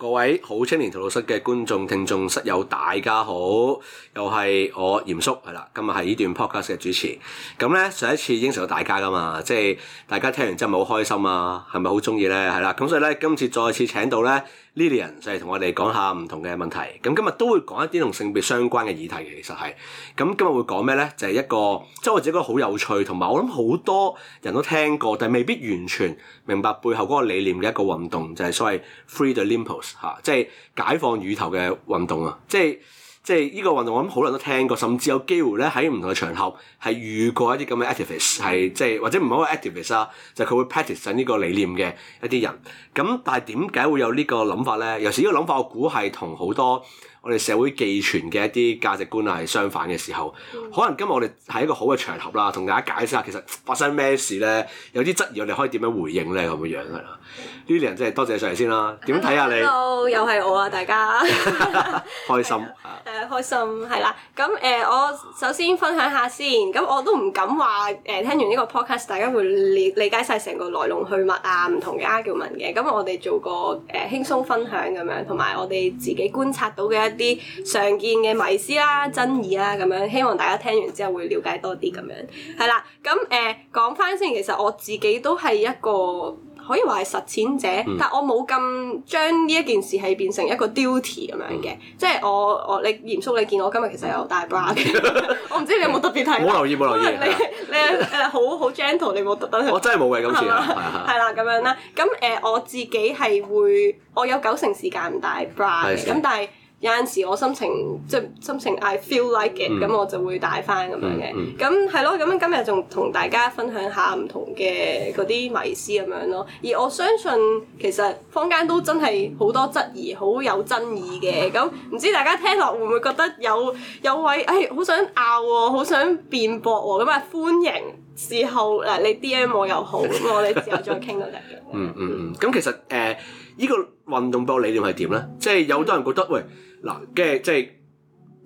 各位好青年荼毒室嘅觀眾、聽眾、室友，大家好！又係我鹽叔，係啦，今日係呢段 podcast 嘅主持。咁咧，上一次應承到大家噶嘛，即係大家聽完之後咪好開心啊，係咪好中意咧？係啦，咁所以咧今次再次請到咧。Lilian 就係同我哋講下唔同嘅問題，咁今日都會講一啲同性別相關嘅議題，其實係，咁今日會講咩咧？就係、是、一個，即、就、係、是、我自己覺得好有趣，同埋我諗好多人都聽過，但係未必完全明白背後嗰個理念嘅一個運動，就係、是、所謂 Free the Nipple 嚇，即係解放乳頭嘅運動啊，即係。即係呢個運動，我諗好多人都聽過，甚至有機會咧喺唔同嘅場合係遇過一啲咁嘅 activist，係即係或者唔好話 activist 啊，就佢會 practice 緊呢個理念嘅一啲人。咁但係點解會有個呢個諗法咧？尤其呢個諗法，我估係同好多。我哋社會寄存嘅一啲價值觀啊，係相反嘅時候，嗯、可能今日我哋係一個好嘅場合啦，同大家解釋下其實發生咩事咧，有啲質疑我哋可以點樣回應咧咁嘅樣啦。嗯、Lilian 真係多謝上嚟先啦，點睇下你？Hello, hello 又係我啊，大家 開心。誒、啊啊，開心係啦。咁誒、啊呃，我首先分享下先。咁我都唔敢話誒、呃，聽完呢個 podcast 大家會理理解晒成個來龍去脈啊，唔同嘅 argument 嘅。咁我哋做個誒輕、呃、鬆分享咁樣，同埋我哋自己觀察到嘅一啲常見嘅迷思啦、爭議啦，咁樣希望大家聽完之後會了解多啲咁樣，係啦。咁誒講翻先，其實我自己都係一個可以話係實踐者，但我冇咁將呢一件事係變成一個 duty 咁樣嘅，即係我我你鹽叔你見我今日其實有戴 bra 嘅，我唔知你有冇特別睇，冇留意，冇留意，你你好好 gentle，你冇特，我真係冇嘅今次，係啦咁樣啦。咁誒我自己係會，我有九成時間唔戴 bra，咁但係。有陣時我心情即係心情，I feel like 嘅、嗯，咁我就會帶翻咁樣嘅。咁係咯，咁、嗯、樣今日仲同大家分享下唔同嘅嗰啲迷思咁樣咯。而我相信其實坊間都真係好多質疑，好有爭議嘅。咁唔知大家聽落會唔會覺得有有位誒好、哎、想拗喎、哦，好想辯駁喎、哦，咁啊歡迎。之後嗱，你 D M 我又好，咁 我哋之後再傾嗰啲嘅。嗯嗯，咁、嗯、其實誒。呃呢個運動部理念係點咧？即係有好多人覺得，喂，嗱，即係即係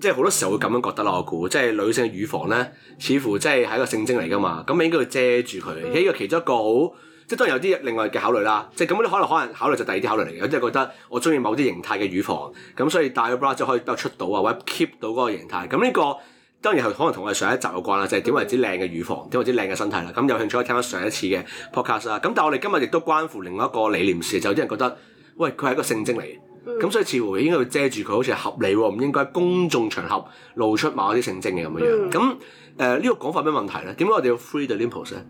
即係好多時候會咁樣覺得啦。我估，即係女性嘅乳房咧，似乎即係係一個性徵嚟㗎嘛。咁你應該要遮住佢。呢個其中一個好，即係當然有啲另外嘅考慮啦。即係咁嗰，可能可能考慮就第二啲考慮嚟嘅。有啲係覺得我中意某啲形態嘅乳房，咁所以戴咗 bra 就可以比較出到啊，或者 keep 到嗰個形態。咁呢個。當然係可能同我哋上一集有關啦，就係、是、點為之靚嘅乳房，點為之靚嘅身體啦。咁有興趣可以聽翻上一次嘅 podcast 啦。咁但係我哋今日亦都關乎另外一個理念事，就有啲人覺得，喂，佢係一個性徵嚟嘅，咁、嗯、所以似乎應該要遮住佢，好似係合理喎，唔應該公眾場合露出某啲性徵嘅咁樣。咁誒呢個講法咩問題咧？點解我哋要 free the nipple 咧？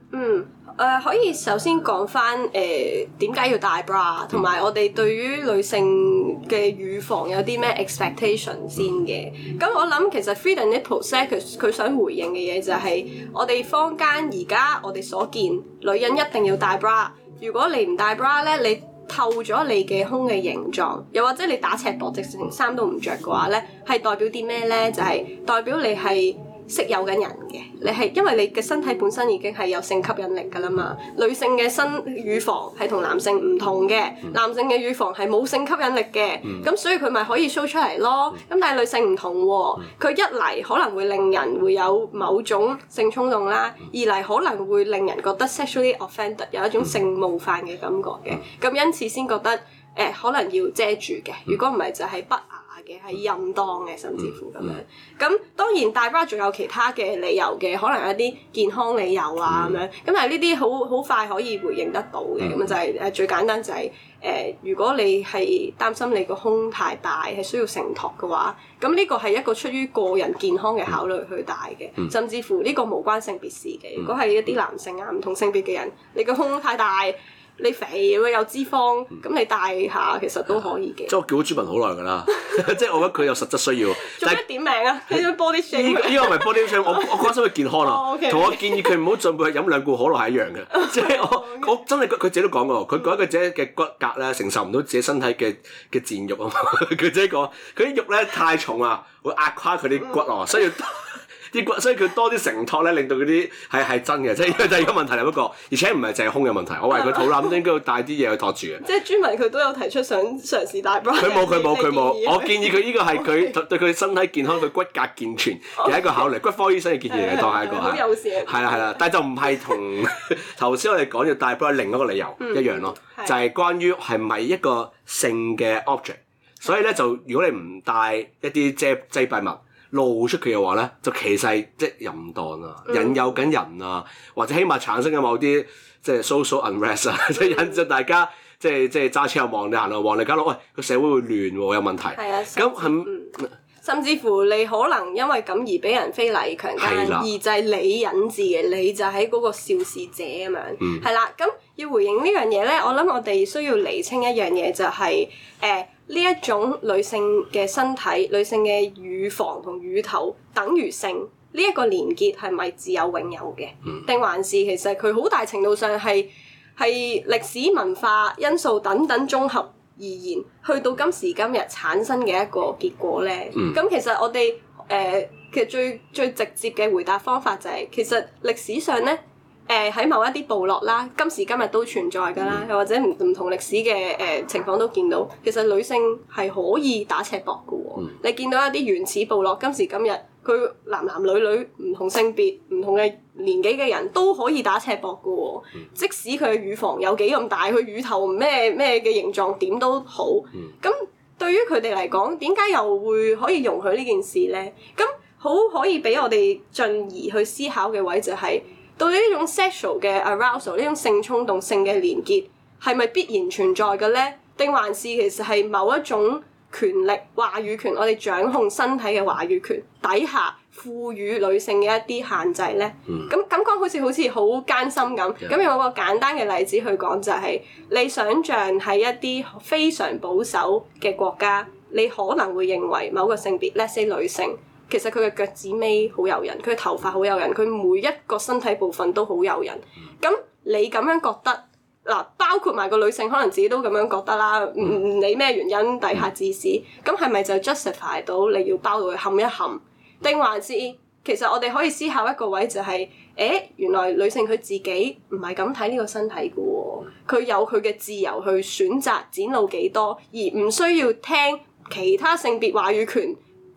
誒、呃、可以首先講翻誒點解要戴 bra，同埋我哋對於女性嘅乳房有啲咩 expectation 先嘅。咁、嗯、我諗其實 Free the Nipple 呢佢想回應嘅嘢就係、是、我哋坊間而家我哋所見女人一定要戴 bra，如果你唔戴 bra 咧，你透咗你嘅胸嘅形狀，又或者你打赤膊直成衫都唔着嘅話咧，係代表啲咩咧？就係、是、代表你係。識有嘅人嘅，你係因為你嘅身體本身已經係有性吸引力㗎喇嘛。女性嘅身乳房係同男性唔同嘅，男性嘅乳房係冇性吸引力嘅，咁、嗯嗯、所以佢咪可以 show 出嚟咯。咁但係女性唔同喎，佢一嚟可能會令人會有某種性衝動啦，二嚟可能會令人覺得 sexually offended 有一種性冒犯嘅感覺嘅，咁、嗯嗯、因此先覺得誒、呃、可能要遮住嘅。如果唔係就係不。嘅係任當嘅，甚至乎咁樣。咁、嗯嗯、當然大家仲有其他嘅理由嘅，可能一啲健康理由啊，咁、嗯、樣。咁但係呢啲好好快可以回應得到嘅。咁、嗯、就係、是、誒最簡單就係、是、誒、呃，如果你係擔心你個胸太大係需要承托嘅話，咁呢個係一個出於個人健康嘅考慮去戴嘅，嗯、甚至乎呢個無關性別事嘅。如果係一啲男性啊，唔同性別嘅人，你個胸太大。你肥咁有脂肪，咁你戴下其實都可以嘅。即 我叫咗朱文好耐㗎啦，即係我覺得佢有實質需要。做咩 是點名啊？你想播啲？呢個唔係 body shame，am, 我 我關心佢健康啊。同、 哦、okay 我建議佢唔好進步去飲兩罐可樂係一樣嘅。即係 我我真係佢自己都講過，佢講佢自己嘅骨骼咧承受唔到自己身體嘅嘅漸肉啊。佢 自己講，佢啲肉咧太重啊，會壓垮佢啲骨啊，需要。啲骨，所以佢多啲承托咧，令到嗰啲係係真嘅，即係就係個問題啦。不過，而且唔係淨係胸嘅問題，我懷疑佢肚腩都應該要帶啲嘢去托住嘅。即係專文佢都有提出想嘗試戴 bra。佢冇佢冇佢冇，我建議佢呢個係佢對佢身體健康、佢骨骼健全嘅一個考慮。骨科醫生嘅建議嚟當一個好有事啊！係啦係啦，但係就唔係同頭先我哋講要戴 bra 另一個理由一樣咯，就係關於係咪一個性嘅 object。所以咧，就如果你唔帶一啲遮遮蔽物。露出佢嘅話咧，就其實即係淫蕩啊，引誘緊人啊，或者起碼產生緊某啲即係 social unrest 啊、嗯， 即係引致大家即係即係揸車又望你行路，望你家碌，喂、哎、個社會會亂喎，有問題。係啊、嗯，咁係。甚至乎你可能因為咁而俾人非禮強姦，的而就係你引致嘅，你就喺嗰個肇事者咁樣，係啦、嗯。咁要回應呢樣嘢咧，我諗我哋需要釐清一樣嘢、就是，就係誒呢一種女性嘅身體、女性嘅乳房同乳頭等於性呢一、這個連結係咪自有永有嘅？定、嗯、還是其實佢好大程度上係係歷史文化因素等等綜合？而言去到今時今日產生嘅一個結果咧，咁、嗯、其實我哋誒、呃、其實最最直接嘅回答方法就係、是、其實歷史上咧誒喺某一啲部落啦，今時今日都存在㗎啦，又、嗯、或者唔唔同歷史嘅誒、呃、情況都見到，其實女性係可以打赤膊嘅喎，嗯、你見到一啲原始部落今時今日。佢男男女女唔同性別、唔同嘅年紀嘅人都可以打赤膊㗎喎， 即使佢嘅乳房有幾咁大，佢乳頭咩咩嘅形狀點都好。咁 對於佢哋嚟講，點解又會可以容許呢件事咧？咁好可以俾我哋進而去思考嘅位就係，到底對於呢種 sexual 嘅 arousal 呢種性衝動、性嘅連結係咪必然存在嘅咧？定還是其實係某一種權力話語權，我哋掌控身體嘅話語權底下，賦予女性嘅一啲限制咧，咁、嗯、感覺好似好似好艱辛咁。咁用、嗯、一個簡單嘅例子去講就係、是，你想像喺一啲非常保守嘅國家，你可能會認為某個性別，let's say 女性，其實佢嘅腳趾尾好誘人，佢嘅頭髮好誘人，佢每一個身體部分都好誘人。咁、嗯、你咁樣覺得？嗱，包括埋個女性，可能自己都咁樣覺得啦。唔理咩原因底下自私，咁係咪就 justify 到你要包到佢冚一冚？定還是其實我哋可以思考一個位，就是，就係誒，原來女性佢自己唔係咁睇呢個身體嘅喎，哦，佢有佢嘅自由去選擇展露幾多，而唔需要聽其他性別話語權。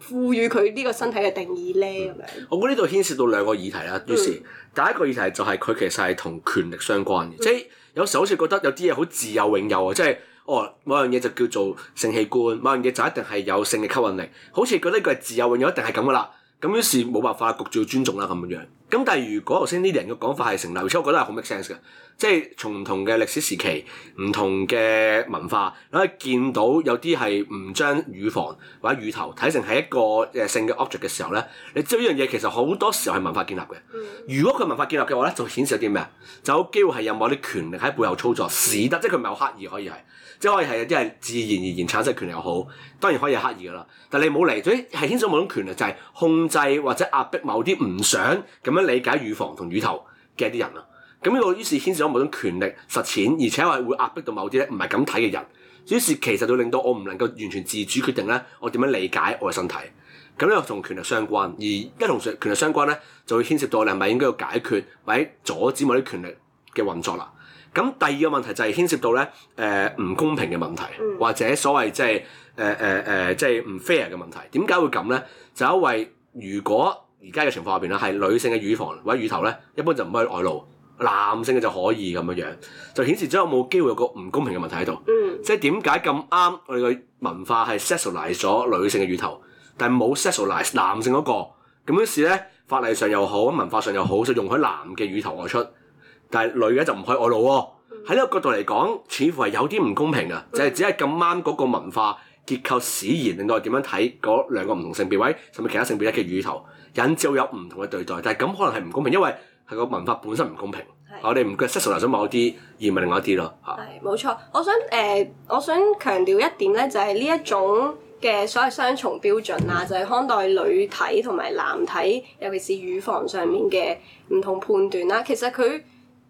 賦予佢呢個身體嘅定義咧，咁樣，嗯。我估呢度牽涉到兩個議題啦。於是第一個議題就係佢其實係同權力相關嘅。嗯、即係有時候好似覺得有啲嘢好自有永有啊，即係哦某樣嘢就叫做性器官，某樣嘢就一定係有性嘅吸引力，好似覺得佢係自有永有一定係咁噶啦。咁於是冇辦法焗住要尊重啦咁樣。咁但係如果頭先呢啲人嘅講法係成立，而且我覺得係好 make sense 嘅，即係從唔同嘅歷史時期、唔同嘅文化，你可以見到有啲係唔將乳房或者乳頭睇成係一個誒性嘅 object 嘅時候咧，你知道呢樣嘢其實好多時候係文化建立嘅。如果佢文化建立嘅話咧，就顯示一啲咩？就有機會係有某啲權力喺背後操作，使得即係佢唔係有刻意可以係，即係可以係有啲係自然而然產生權力又好，當然可以係刻意㗎喇。但係你冇嚟，所以係牽涉某種權力就係、是、控制或者壓迫某啲唔想咁，點樣理解乳房同乳頭嘅一啲人啦？咁呢個於是牽涉到某種權力實踐，而且係會壓迫到某啲咧唔係咁睇嘅人。於是其實就令到我唔能夠完全自主決定咧，我點樣理解我嘅身體？咁呢個同權力相關，而一同權力相關咧，就會牽涉到你哋係咪應該要解決或者阻止某啲權力嘅運作啦？咁第二個問題就係牽涉到咧，誒唔公平嘅問題，或者所謂即係誒誒誒即係唔 fair 嘅問題。點解會咁咧？就因為如果而家嘅情況入邊咧，係女性嘅乳房或者乳頭咧，一般就唔可以外露；男性嘅就可以咁樣樣，就顯示咗有冇有機會有個唔公平嘅問題喺度。嗯、即係點解咁啱我哋嘅文化係 sexualize 咗女性嘅乳頭，但係冇 sexualize 男性嗰、那個咁樣事咧？法例上又好，文化上又好，就用喺男嘅乳頭外出，但係女嘅就唔可以外露喎、啊。喺呢個角度嚟講，似乎係有啲唔公平嘅，就係只係咁啱嗰個文化結構使然，令到係點樣睇嗰兩個唔同性別位，甚至其他性別一嘅乳頭。引致有唔同嘅對待，但係咁可能係唔公平，因為係個文化本身唔公平。我哋唔嘅世俗想咗某一啲，而唔係另外一啲咯嚇。係冇錯，我想誒、呃，我想強調一點咧，就係呢一種嘅所謂雙重標準啊，就係、是、看待女體同埋男體，尤其是乳房上面嘅唔同判斷啦。其實佢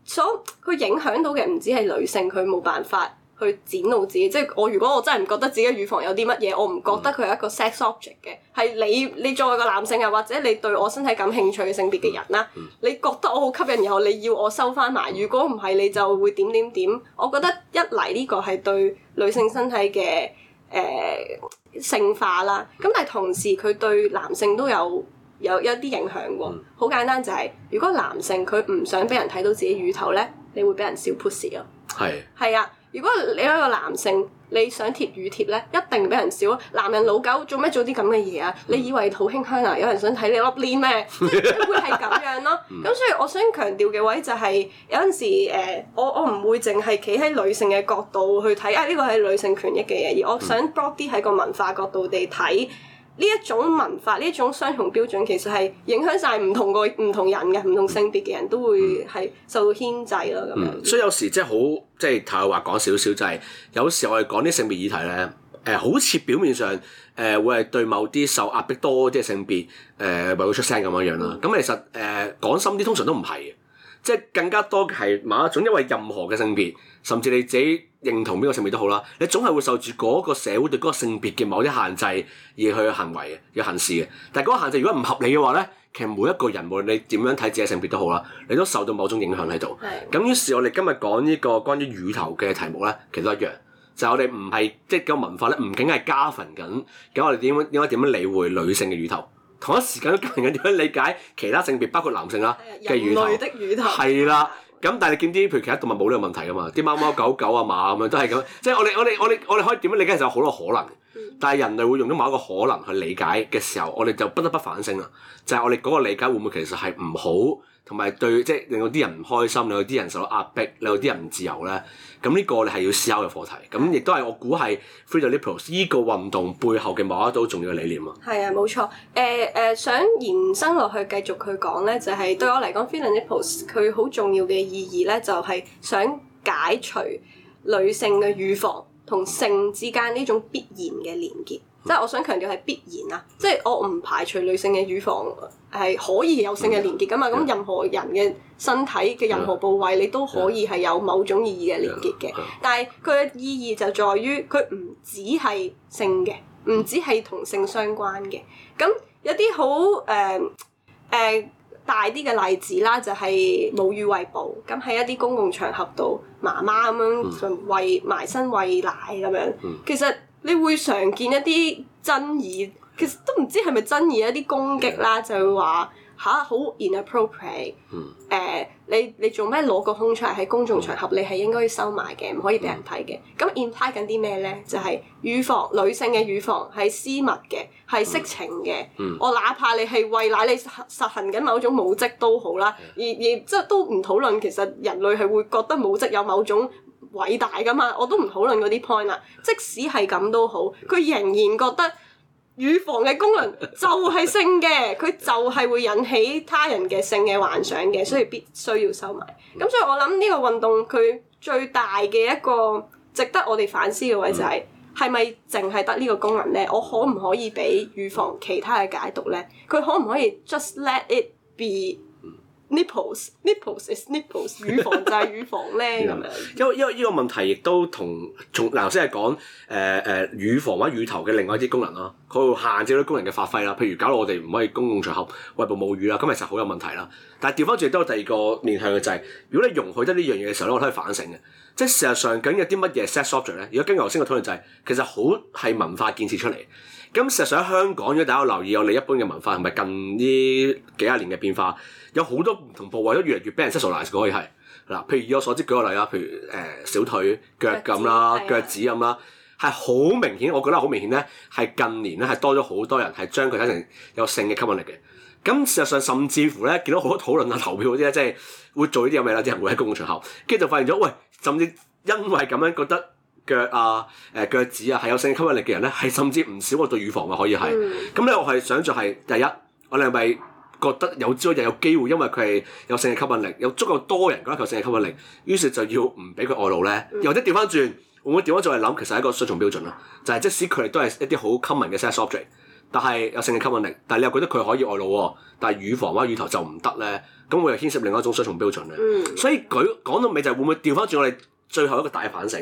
所佢影響到嘅唔止係女性，佢冇辦法去展露自己，即係我如果我真係唔覺得自己乳房有啲乜嘢，我唔覺得佢係一個 sex object 嘅，係你你作為個男性啊，或者你對我身體感興趣嘅性別嘅人啦，嗯嗯、你覺得我好吸引，然後你要我收翻埋，如果唔係你就會點點點。我覺得一嚟呢個係對女性身體嘅誒、呃、性化啦，咁但係同時佢對男性都有有一啲影響喎、哦。好、嗯、簡單就係、是，如果男性佢唔想俾人睇到自己乳頭咧，你會俾人笑 push 咯，係係啊。是如果你係一個男性，你想貼乳貼咧，一定俾人笑。男人老狗做咩做啲咁嘅嘢啊？你以為好馨香啊？有人想睇你粒鏈咩？即係 會係咁樣咯。咁 所以我想強調嘅位就係、是、有陣時誒、呃，我我唔會淨係企喺女性嘅角度去睇啊！呢、這個係女性權益嘅嘢，而我想 b 啲喺個文化角度地睇。呢一種文化，呢一種雙重標準，其實係影響晒唔同個唔同人嘅唔同性別嘅人都會係受到牽制咯，咁、嗯、所以有時即係好，即係頭頭話講少少就係、是，有時我哋講啲性別議題咧，誒、呃、好似表面上誒、呃、會係對某啲受壓迫多啲嘅性別誒為會出聲咁樣樣啦。咁、嗯嗯、其實誒講、呃、深啲，通常都唔係嘅，即係更加多嘅係某一種，因為任何嘅性別，甚至你自己。認同邊個性別都好啦，你總係會受住嗰個社會對嗰個性別嘅某啲限制而去行為、要行事嘅。但係嗰個限制如果唔合理嘅話咧，其實每一個人無論你點樣睇自己性別都好啦，你都受到某種影響喺度。係的。咁於是，我哋今日講呢個關於乳頭嘅題目咧，其實都一樣，就係、是、我哋唔係即係個文化咧，唔僅係加分緊，咁我哋點樣點樣點樣理會女性嘅乳頭？同一時間都加緊點樣理解其他性別，包括男性啦嘅乳頭。人類的乳頭係啦。咁但係你見啲譬如其他動物冇呢個問題㗎嘛？啲貓貓狗狗啊，馬咁樣都係咁，即係我哋我哋我哋我哋可以點樣理解其實有好多可能，但係人類會用咗某一個可能去理解嘅時候，我哋就不得不反省啦。就係、是、我哋嗰個理解會唔會其實係唔好？同埋對，即係令到啲人唔開心，令到啲人受到壓迫，令到啲人唔自由咧。咁呢個你係要思考嘅課題。咁亦都係我估係 free the nipple 依個運動背後嘅某一種重要嘅理念啊。係啊，冇錯。誒、呃、誒、呃，想延伸落去繼續佢講咧，就係、是、對我嚟講 free the nipple 佢好重要嘅意義咧，就係、是、想解除女性嘅乳房同性之間呢種必然嘅連結。即係我想強調係必然啊！即係我唔排除女性嘅乳房係可以有性嘅連結噶嘛。咁任何人嘅身體嘅任何部位，你都可以係有某種意義嘅連結嘅。但係佢嘅意義就在於佢唔只係性嘅，唔只係同性相關嘅。咁有啲好誒誒大啲嘅例子啦，就係母乳餵哺。咁喺一啲公共場合度，媽媽咁樣就餵埋身餵奶咁樣，其實。你會常見一啲爭議，其實都唔知係咪爭議一啲攻擊啦，Yeah. 就話吓，好、huh? inappropriate。誒、mm. uh,，你你做咩攞個胸出嚟喺公眾場合？你係應該要收埋嘅，唔可以俾人睇嘅。咁 imply 緊啲咩咧？就係、是、乳房，女性嘅乳房係私密嘅，係色情嘅。Mm. 我哪怕你係餵奶，你實行緊某種母職都好啦。而而即係都唔討論，其實人類係會覺得母職有某種。偉大㗎嘛，我都唔討論嗰啲 point 啦。即使係咁都好，佢仍然覺得乳房嘅功能就係性嘅，佢 就係會引起他人嘅性嘅幻想嘅，所以必須要收埋。咁所以我諗呢個運動佢最大嘅一個值得我哋反思嘅位，就係係咪淨係得呢個功能咧？我可唔可以俾乳房其他嘅解讀咧？佢可唔可以 just let it be？Nipples, nipples is nipples。乳房就係乳房咧，咁樣。 因為因為依個問題亦都同從頭先係講誒誒乳房或者乳頭嘅另外一啲功能咯，佢會限制嗰啲功能嘅發揮啦。譬如搞到我哋唔可以公共場合餵哺母乳啊，咁其實好有問題啦。但係調翻轉都有第二個面向嘅就係、是，如果你容許得呢樣嘢嘅時候咧，我可以反省嘅。即係事實上，究竟有啲乜嘢 set subject 咧？如果跟頭先嘅討論就係，其實好係文化建設出嚟。咁事實上喺香港，如果大家有留意我哋一般嘅文化同埋近呢幾十年嘅變化。有好多唔同部位都越嚟越俾人 sexualize 可以係，嗱，譬如以我所知舉個例啦，譬如誒、呃、小腿腳咁啦、腳、腳趾咁啦，係好是、啊、明顯，我覺得好明顯咧，係近年咧係多咗好多人係將佢睇成有性嘅吸引力嘅。咁事實上甚至乎咧，見到好多討論啊、投票嗰啲咧，即係會做有呢啲嘢啦，啲人會喺公共場合，跟住就發現咗，喂，甚至因為咁樣覺得腳啊、誒、呃、腳趾啊係有性吸引力嘅人咧，係甚至唔少我對乳房嘅可以係。咁咧、嗯、我係想像係第一，我哋係咪。覺得有朝一日有機會，因為佢係有性嘅吸引力，有足夠多人覺得佢性嘅吸引力，於是就要唔俾佢外露咧。嗯、或者調翻轉，會唔會調翻轉嚟諗？其實係一個雙重標準咯，就係、是、即使佢哋都係一啲好 common 嘅 sex object，但係有性嘅吸引力，但係你又覺得佢可以外露、哦，但係乳房或乳頭就唔得咧，咁我又牽涉另外一種雙重標準咧。嗯、所以舉講到尾就係、會唔會調翻轉？我哋最後一個大反省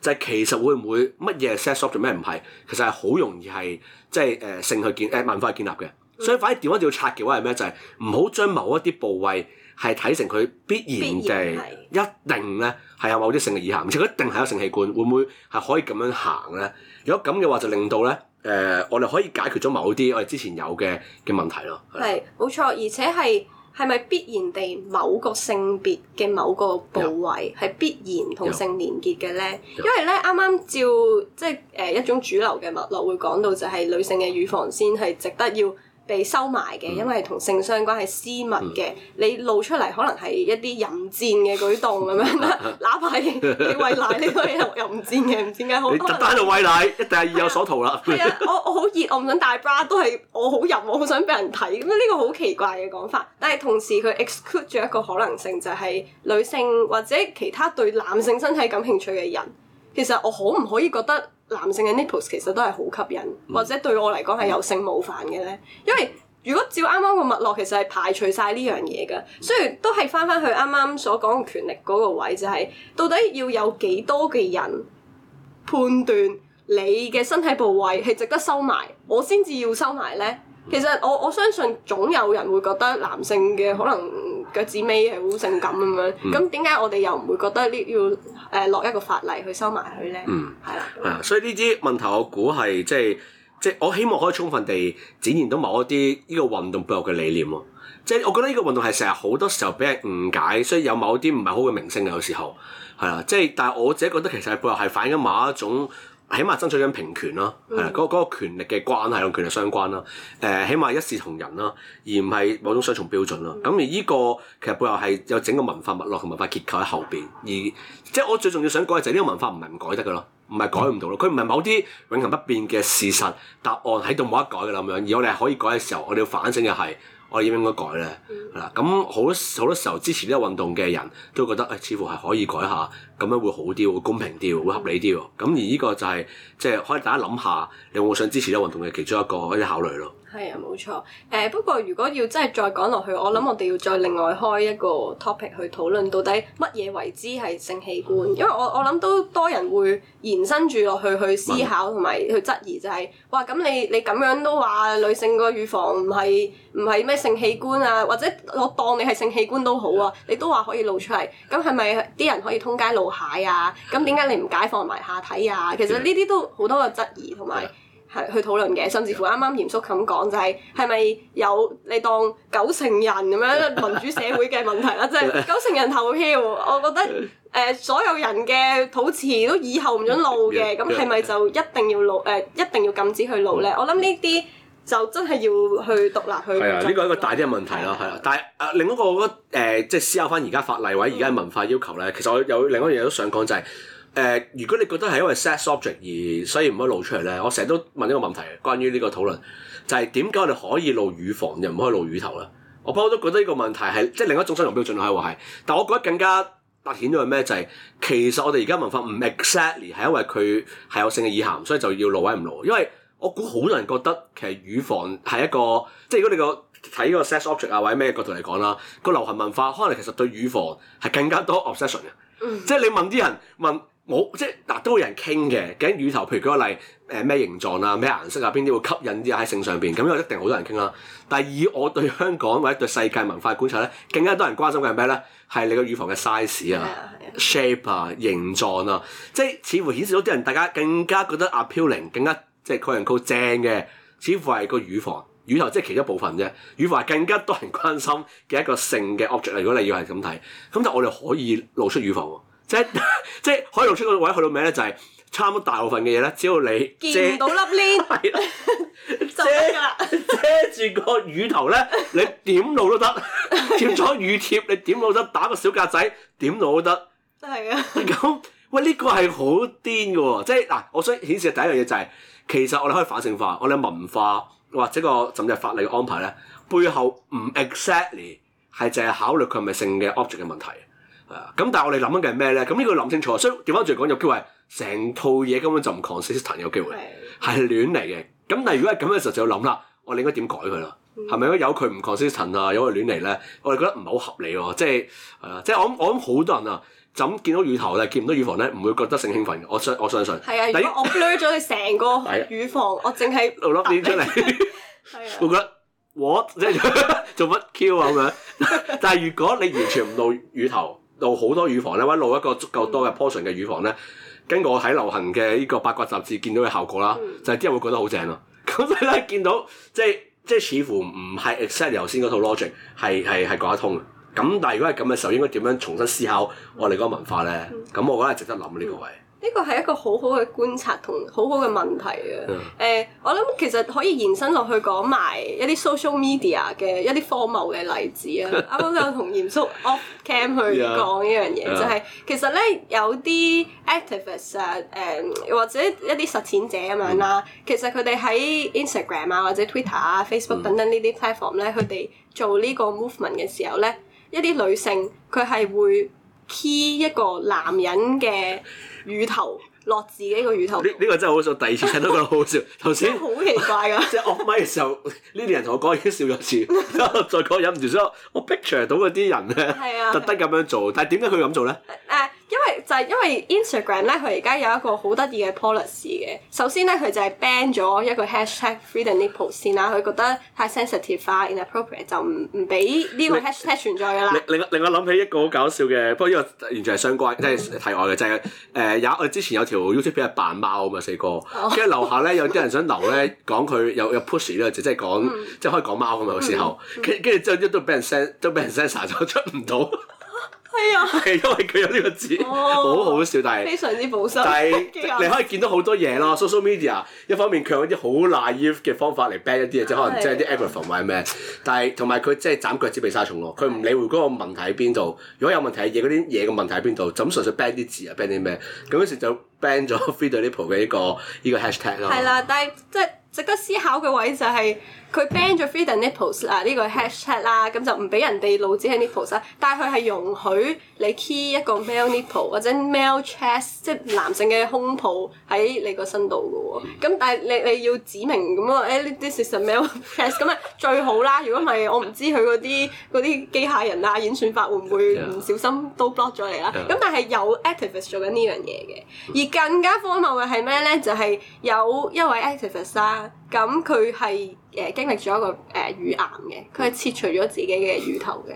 就係、是、其實會唔會乜嘢 sex object 咩唔係？其實係好容易係即係誒性去建誒文化去建立嘅。所以反而調一調拆嘅話係咩？就係唔好將某一啲部位係睇成佢必然地一定咧係有某啲性嘅意涵。如果一定係有性器官，會唔會係可以咁樣行咧？如果咁嘅話，就令到咧誒、呃，我哋可以解決咗某啲我哋之前有嘅嘅問題咯。係冇錯，而且係係咪必然地某個性別嘅某個部位係必然同性連結嘅咧？有因為咧啱啱照即係誒、呃、一種主流嘅脈絡會講到，就係女性嘅乳房先係值得要。被收埋嘅，因為同性相關係私密嘅。嗯、你露出嚟可能係一啲淫賤嘅舉動咁樣啦， 哪怕你餵奶呢個嘢又又唔賤嘅，唔知點解好。你特登喺度餵奶， 奶 一定係意有所圖啦。係 啊，啊，我我好熱，我唔想戴 bra，都係我好淫。我好想俾人睇咁樣，呢個好奇怪嘅講法。但係同時佢 exclude 咗一個可能性，就係、是、女性或者其他對男性身體感興趣嘅人。其實我可唔可以覺得男性嘅 nipples 其實都係好吸引，或者對我嚟講係有性冒犯嘅咧？因為如果照啱啱個脈絡其實係排除晒呢樣嘢嘅，剛剛所以都係翻翻去啱啱所講嘅權力嗰個位，就係、是、到底要有幾多嘅人判斷你嘅身體部位係值得收埋，我先至要收埋咧？其實我我相信總有人會覺得男性嘅可能。腳趾尾係好性感咁樣，咁點解我哋又唔會覺得呢？要誒落一個法例去收埋佢咧？係啦，嗯，係啊，所以呢啲問題我估係即係即係我希望可以充分地展現到某一啲呢個運動背後嘅理念喎。即係我覺得呢個運動係成日好多時候俾人誤解，所以有某啲唔係好嘅明星有時候係啦。即係但係我自己覺得其實係背後係反映緊某一種。起碼爭取緊平權啦，係啦、嗯，嗰、那個嗰、那個、權力嘅關係同權力相關啦，誒、呃，起碼一視同仁啦，而唔係某種雙重標準啦。咁、嗯、而呢個其實背後係有整個文化脈絡同文化結構喺後邊，而即係我最重要想改嘅就係呢個文化唔係唔改得噶咯，唔係改唔到咯，佢唔係某啲永恆不變嘅事實答案喺度冇得改嘅啦咁樣，而我哋可以改嘅時候，我哋要反省嘅係我哋應唔應該改咧？嗱、嗯，咁好多好多時候支持呢個運動嘅人都覺得誒、哎，似乎係可以改下。咁樣會好啲，會公平啲，會合理啲喎。咁而呢個就係即係可以大家諗下，你會唔會想支持啲運動嘅其中一個可以考慮咯。係啊，冇錯。誒、呃、不過如果要真係再講落去，我諗我哋要再另外開一個 topic 去討論到底乜嘢為之係性器官，因為我我諗都多人會延伸住落去去思考同埋去質疑、就係，就係的哇咁你你咁樣都話女性個乳房唔係唔係咩性器官啊，或者我當你係性器官都好啊，你都話可以露出嚟，咁係咪啲人可以通街露？蟹啊，咁點解你唔解放埋下體啊？其實呢啲都好多嘅質疑同埋係去討論嘅，甚至乎啱啱嚴肅咁講就係係咪有你當九成人咁樣 民主社會嘅問題啦？即係 九成人投票，我覺得誒、呃、所有人嘅肚臍都以後唔准露嘅，咁係咪就一定要露誒、呃？一定要禁止去露咧？ 我諗呢啲。就真係要去獨立去。係啊，呢、這個一個大啲嘅問題啦，係啊的。但係啊、呃，另一個我覺得誒，即係思考翻而家法例或者而家文化要求咧，嗯、其實我有另一樣嘢都想講、就是，就係誒，如果你覺得係因為 sex object 而所以唔可以露出嚟咧，我成日都問呢個問題嘅，關於呢個討論，就係點解我哋可以露乳房，又唔可以露乳頭咧？我本身我都覺得呢個問題係即係另一種新聞標準可以話係，但我覺得更加凸顯咗係咩？就係、是、其實我哋而家文化唔 exactly 係因為佢係有性嘅意涵，所以就要露位唔露，因為。我估好多人覺得其實乳房係一個，即係如果你個睇個 sex object 啊或者咩角度嚟講啦，個流行文化可能其實對乳房係更加多 obsession 嘅、嗯。即係你問啲人問我，即係嗱都有人傾嘅，究竟乳頭譬如舉個例，誒、呃、咩形狀啊、咩顏色啊、邊啲會吸引啲喺、啊、性上邊，咁又一定好多人傾啦。但係以我對香港或者對世界文化觀察咧，更加多人關心嘅係咩咧？係你個乳房嘅 size 啊、嗯嗯、shape 啊、形狀啊，即係似乎顯示到啲人大家更加覺得啊，appealing 更加。即係人鈣正嘅，似乎係個乳房、乳頭，即係其中一部分啫。乳房係更加多人關心嘅一個性嘅 object 啊。如果你要係咁睇，咁就我哋可以露出乳房，即係即係可以露出個位，去到咩咧、就是？就係差唔多大部分嘅嘢咧。只要你遮到粒鏈，遮遮住個乳頭咧，你點露都得。貼咗乳貼，你點露都得。打個小格仔，點露都得。真係啊！咁 喂，呢、這個係好癲嘅喎，即係嗱，我想顯示嘅第一樣嘢就係、是。其實我哋可以反省化，我哋文化或者個甚至係法例嘅安排咧，背後唔 exactly 係就係考慮佢係咪性嘅 object 嘅問題，係啊。咁但係我哋諗緊嘅係咩咧？咁呢個諗清楚，所以調翻轉講有機會，成套嘢根本就唔 consistent，有機會係亂嚟嘅。咁但係如果係咁嘅時候就要諗啦，我哋應該點改佢啦？係咪有佢唔 consistent 啊，有佢亂嚟咧？我哋覺得唔係好合理喎，哦，即係，即係我我諗好多人啊。就咁見到乳頭咧，見唔到乳房咧，唔會覺得性興奮嘅。我信，我相信。係啊，如果我 blur 咗佢成個乳房， 啊、我淨係露粒出嚟，會、 啊、 覺得 what 即 係做乜 Q 啊咁樣？ 但係如果你完全唔露乳頭，露好多乳房咧，或者露一個足夠多嘅 portion 嘅乳房咧，跟我喺流行嘅呢個八卦雜誌見到嘅效果啦， 就係啲人會覺得好正咯。咁所以咧，見到即係即係似乎唔係 exactly 頭先嗰套 logic 係係係講得通嘅。咁但係如果係咁嘅時候，應該點樣重新思考我哋嗰個文化咧？咁、嗯、我覺得係值得諗呢、嗯、個位。呢個係一個好好嘅觀察同好好嘅問題啊！誒、嗯欸，我諗其實可以延伸落去講埋一啲 social media 嘅一啲荒謬嘅例子啊！啱啱 我同鹽叔 off cam 去講呢樣嘢，嗯嗯、就係其實咧有啲 activist 誒、啊呃、或者一啲實踐者咁樣啦、啊，嗯、其實佢哋喺 Instagram 啊或者 Twitter 啊，啊，啊 Facebook 等等呢啲 platform 咧，佢哋做呢個 movement 嘅時候咧。一啲女性佢係會 key 一個男人嘅乳頭，落自己個乳頭，頭，呢呢、這個真係好笑，第二次聽都覺得好好笑。頭先好奇怪㗎， 即係 off mic 嘅時候呢啲人同我講已經笑咗次， 再講忍唔住，所以我 picture 到嗰啲人咧， 特登咁樣做， 但係點解佢咁做咧？誒、呃，因為就係、是、因為 Instagram 咧，佢而家有一個好得意嘅 policy 嘅。首先咧，佢就係 ban 咗一個 hashtag free the nipple 先啦。佢覺得太 sensitive 化、inappropriate，就唔唔俾呢個 hashtag 存在㗎啦。令令我諗起一個好搞笑嘅，不過呢個完全係相關，即係題外嘅，就係誒有我之前有。條 YouTube 入扮貓啊嘛，四個，跟住樓下咧有啲人想留咧，講佢有有 push 咧，就、嗯、即係講，即係可以講貓咁有時候，跟跟住之後，一都俾人 send，都俾人 send 曬就出唔到。 係啊，係因為佢有呢個字，好、哦、好笑，但係非常之保守，但係是 你可以見到好多嘢咯。 Social media 一方面佢有啲好 naive 嘅方法嚟 ban 一啲嘢，對即係可能即係啲 algorithm 或者咩。但係同埋佢即係斬腳趾被沙蟲咯，佢唔理會嗰個問題喺邊度。如果有問題嘅嘢，嗰啲嘢嘅問題喺邊度，就咁純粹 ban 啲字啊，ban 啲咩？咁於是就 ban 咗 #freethenipple 嘅呢個呢 個 hashtag 咯。係啦，但係即係值得思考嘅位就係、是。佢 ban 咗 free the nipples 啊呢，這個 hashtag 啦，咁就唔俾人哋露隻 nipples 啦。但係佢係容許你 key 一個 male nipple 或者 male chest，即係男性嘅胸脯喺你個身度嘅喎。咁但係你你要指明咁樣，誒 this is a male chest。咁啊最好啦，如果唔係我唔知佢嗰啲嗰啲機械人啊演算法會唔會唔小心都 block 咗你啦。咁 Yeah. 但係有 activist 做緊呢樣嘢嘅。而更加荒謬嘅係咩咧？就係、是、有一位 activist 啦，咁佢係。誒、呃、經歷咗一個誒、呃、乳癌嘅，佢係切除咗自己嘅乳頭嘅，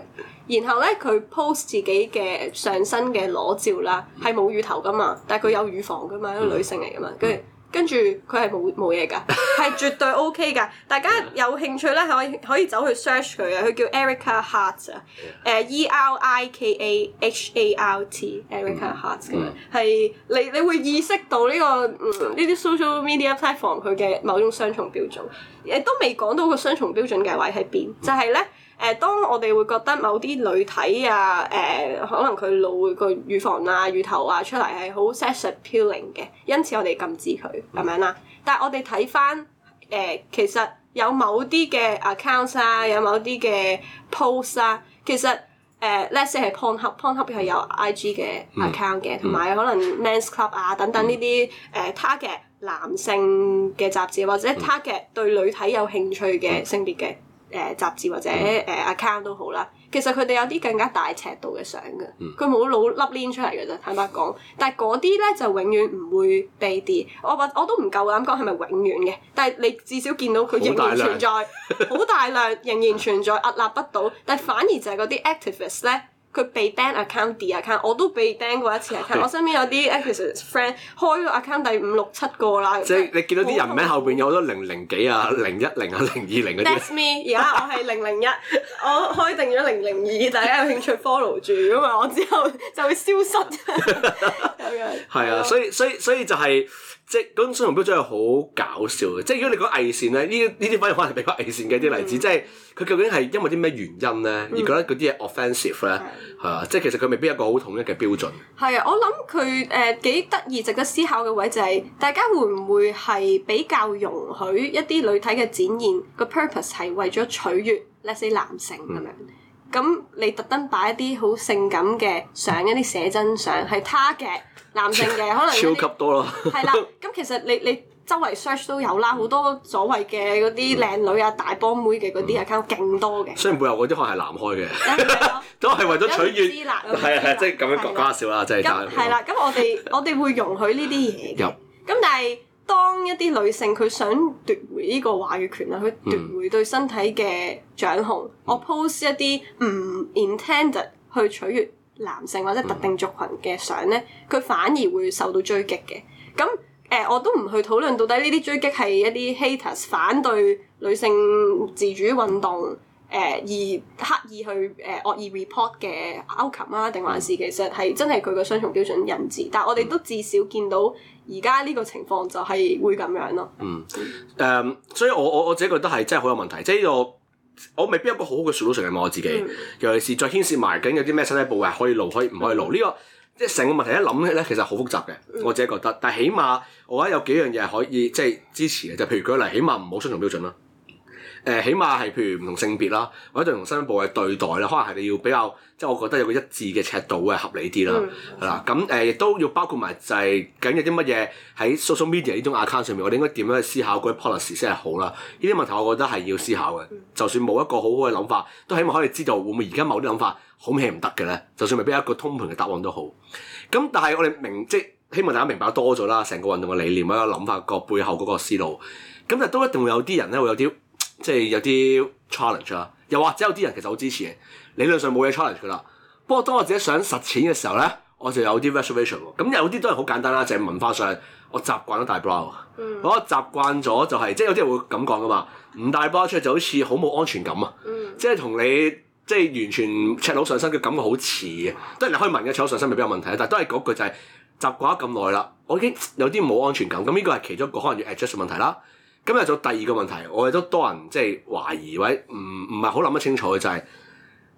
然後咧佢 post 自己嘅上身嘅裸照啦，係冇、嗯、乳頭噶嘛，但係佢有乳房噶嘛，嗯、一個女性嚟噶嘛，跟住、嗯。跟住佢係冇冇嘢㗎，係絕對 OK 㗎。大家有興趣咧，可以可以走去 search 佢啊。佢叫 Erika Hart 啊，誒 E R I K A H A R T，Erika Hart，咁樣，係你你會意識到呢個嗯，呢啲 social media platform 佢嘅某種雙重標準，亦都未講到個雙重標準嘅位喺邊，就係咧。誒，當我哋會覺得某啲女體啊，誒、呃，可能佢露個乳房啊、乳頭啊出嚟係好 sexy peeling 嘅，因此我哋禁止佢咁、嗯、樣啦。但係我哋睇翻誒，其實有某啲嘅 accounts 啊，有某啲嘅 post 啊，其實誒，Let's say 係 pornhub、pornhub 係有 IG 嘅 account 嘅，同埋、嗯、可能 Men's Club 啊等等呢啲、呃、target 男性嘅雜誌或者 target 對女體有興趣嘅性別嘅。誒，雜誌或者誒 account，mm. 都好啦，其實佢哋有啲更加大尺度嘅相㗎，佢冇攞粒 link 出嚟嘅，就坦白講。但係嗰啲咧就永遠唔會 delete 我，我都唔夠膽講係咪永遠嘅？但係你至少見到佢仍然存在，好大， 大量仍然存在，屹立不倒，但係反而就係嗰啲 activist 咧。佢被釘 account 啲 account，我都被釘過一次 account。我身邊有啲 actual friend 開個 account 第五六七個啦。即係你見到啲人名後邊有好多零零幾啊、零一零啊、零二零嗰啲。Test me，而家我係零零一，我開定咗零零二，大家有興趣 follow 住，因為我之後就會消失。係啊、yeah，所以所以所以就係、是。即係嗰種雙紅標真係好搞笑嘅，即係如果你講偽善咧，呢呢啲反而可能係比較偽善嘅一啲例子，嗯、即係佢究竟係因為啲咩原因咧、嗯、而覺得嗰啲嘢 offensive 咧，係啊，對的即係其實佢未必有一個好統一嘅標準。係啊，我諗佢誒幾得意、值得思考嘅位就係、是，大家會唔會係比較容許一啲女體嘅展現個 purpose 係為咗取悅 l e s s a 男性咁樣？咁、嗯嗯、你特登擺一啲好性感嘅相，一啲寫真相係他嘅。真 男性嘅可能超級多咯，係啦，咁其實你你周圍 search 都有啦，好多所謂嘅嗰啲靚女啊、大波妹嘅嗰啲 account 勁多嘅。雖然背後嗰啲可能係男開嘅，都係為咗取悅，係係即係咁樣講下笑啦，即係但係。係啦，咁我哋我哋會容許呢啲嘢，咁但係當一啲女性佢想奪回呢個話語權啊，佢奪回對身體嘅掌控，我 post 一啲唔 intended 去取悅。男性或者特定族群嘅相咧，佢反而會受到追擊嘅。咁誒、呃，我都唔去討論到底呢啲追擊係一啲 haters 反對女性自主運動誒、呃、而刻意去誒、呃、惡意 report 嘅 outcome 啊，定還是其實係真係佢個雙重標準人質？但係我哋都至少見到而家呢個情況就係會咁樣咯。嗯，誒、呃，所以我我我自己覺得係真係好有問題，即係呢個。我未必有個好好嘅 solution 嚟嘛，我自己， 尤其是再牽涉埋緊有啲咩身體部位可以露可以唔可以露呢、 呢個，即係成個問題一諗起咧，其實好複雜嘅，我自己覺得。但係起碼我覺得有幾樣嘢係可以即係支持嘅，就是、譬如舉例，起碼唔好雙重標準啦。誒，起碼係譬如唔同性別啦，或者對同身部嘅對待啦，可能係你要比較，即係我覺得有一個一致嘅尺度會合理啲啦，係、嗯、啦。咁誒亦都要包括埋就係、是、究竟有啲乜嘢喺 social media 呢種 account 上面，我哋應該點樣去思考嗰啲 policy 先係好啦？呢啲問題我覺得係要思考嘅。嗯、就算冇一個好好嘅諗法，都起碼可以知道會唔會而家某啲諗法好明顯唔得嘅咧。就算未必一個通盤嘅答案都好。咁但係我哋明，即希望大家明白了多咗啦，成個運動嘅理念或啦、諗法個背後嗰個思路。咁就都一定有會有啲人咧會有啲。即係有啲 challenge 啦，又或者有啲人其實好支持嘅，理論上冇嘢 challenge 噶啦。不過當我自己想實踐嘅時候咧，我就有啲 reservation 咁、嗯、有啲都係好簡單啦，就係、是、文化上我習慣咗戴 bra，我習慣咗就係、是、即係有啲人會咁講噶嘛，唔戴 bra 出去就好似好冇安全感啊、嗯。即係同你即係完全赤裸上身嘅感覺好似啊。當然你可以問嘅赤裸上身未必有問題啊。但都係嗰句就係、是、習慣咗咁耐啦，我已經有啲冇安全感。咁呢個係其中一個可能要 address 嘅問題啦。今日做第二個問題，我哋都多人即係懷疑，或者唔唔係好諗得清楚嘅就係，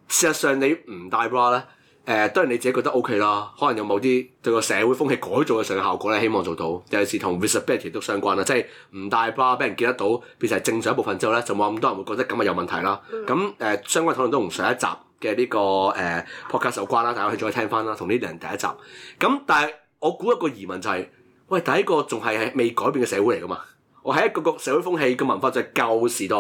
事實上你唔戴 bra 咧，誒都係你自己覺得 O K 啦，可能有冇啲對個社會風氣改造嘅上嘅效果咧，希望做到尤其是同 visibility 都相關啦，即係唔戴 bra 俾人見得到，變成正常一部分之後咧，就冇咁多人會覺得咁啊有問題啦。咁誒相關討論都同上一集嘅呢個誒 Podcast 有關啦，大家可以再聽翻啦，同啲人第一集。咁但係我估一個疑問就係喂，第一個仲係未改變嘅社會嚟噶嘛？我喺一個個社會風氣嘅文化就係舊時代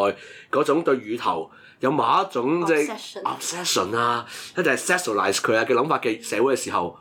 嗰種對乳頭有某一種即係 obsession 啊，一就係、是、sexualise 佢嘅諗法嘅社會嘅時候，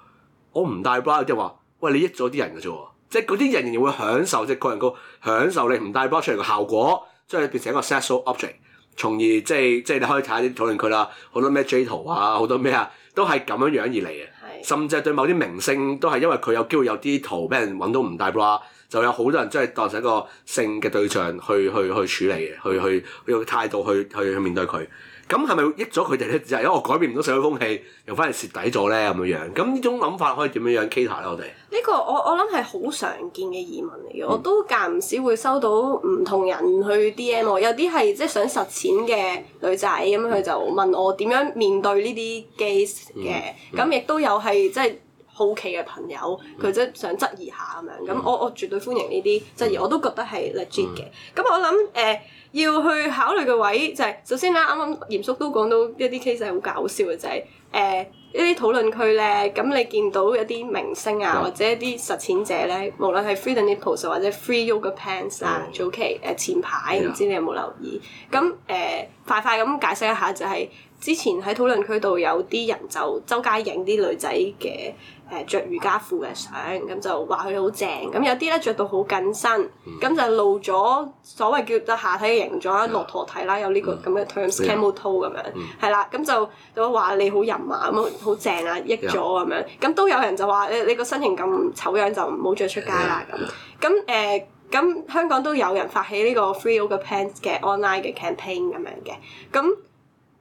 我唔帶 bra 啲人話，喂你益咗啲人嘅啫，即係嗰啲人仍然會享受即係個人個享受你唔帶 bra 出嚟嘅效果，將你變成一個 sexual object，從而即係即係你可以睇下啲討論區啦，好多咩 J 圖啊，好多咩啊，都係咁樣樣而嚟嘅，是甚至係對某啲明星都係因為佢有機會有啲圖俾人揾到唔帶 bra。就有好多人真係當成一個性嘅對象去去去處理嘅，去去個態度去去去面對佢。咁係咪益咗佢哋咧？就係因為我改變唔到社會風氣，又翻嚟蝕底咗咧咁嘅樣。咁呢種諗法可以點樣樣？cater 咧，我哋呢個我我諗係好常見嘅疑問嚟嘅，我都間唔少會收到唔同人去 D M 我，有啲係即係想實踐嘅女仔咁佢就問我點樣面對呢啲 case 嘅，咁亦、嗯嗯、都有係即係。好奇嘅朋友，佢真係想質疑下咁樣，咁我我絕對歡迎呢啲質疑，我都覺得係 legit 嘅。咁我諗誒、呃、要去考慮嘅位就係、是，首先啦。啱啱鹽叔都講到一啲 case 係好搞笑嘅，就係誒一啲討論區咧，咁、呃、你見到一啲明星啊，或者一啲實踐者咧，無論係 free the nipples、啊、或者 free yoga pants 啊，嗯、早期誒、呃、前排，唔 Yeah. 知你有冇留意？咁誒、呃、快快咁解釋一下、就是，就係之前喺討論區度有啲人就周街影啲女仔嘅。誒著瑜伽褲嘅相，咁就話佢好正。咁有啲咧着到好緊身，咁、嗯、就露咗所謂叫做下體嘅形狀，駱駝、嗯、體啦，有呢個咁嘅 term，camel toe 咁、嗯嗯、樣，係啦。咁就就話你人好淫啊，咁好正啊，益咗咁樣。咁都有人就話你你個身形咁醜樣就唔好着出街啦咁。咁誒咁香港都有人發起呢個 free all the pants 嘅 online 嘅 campaign 咁樣嘅。咁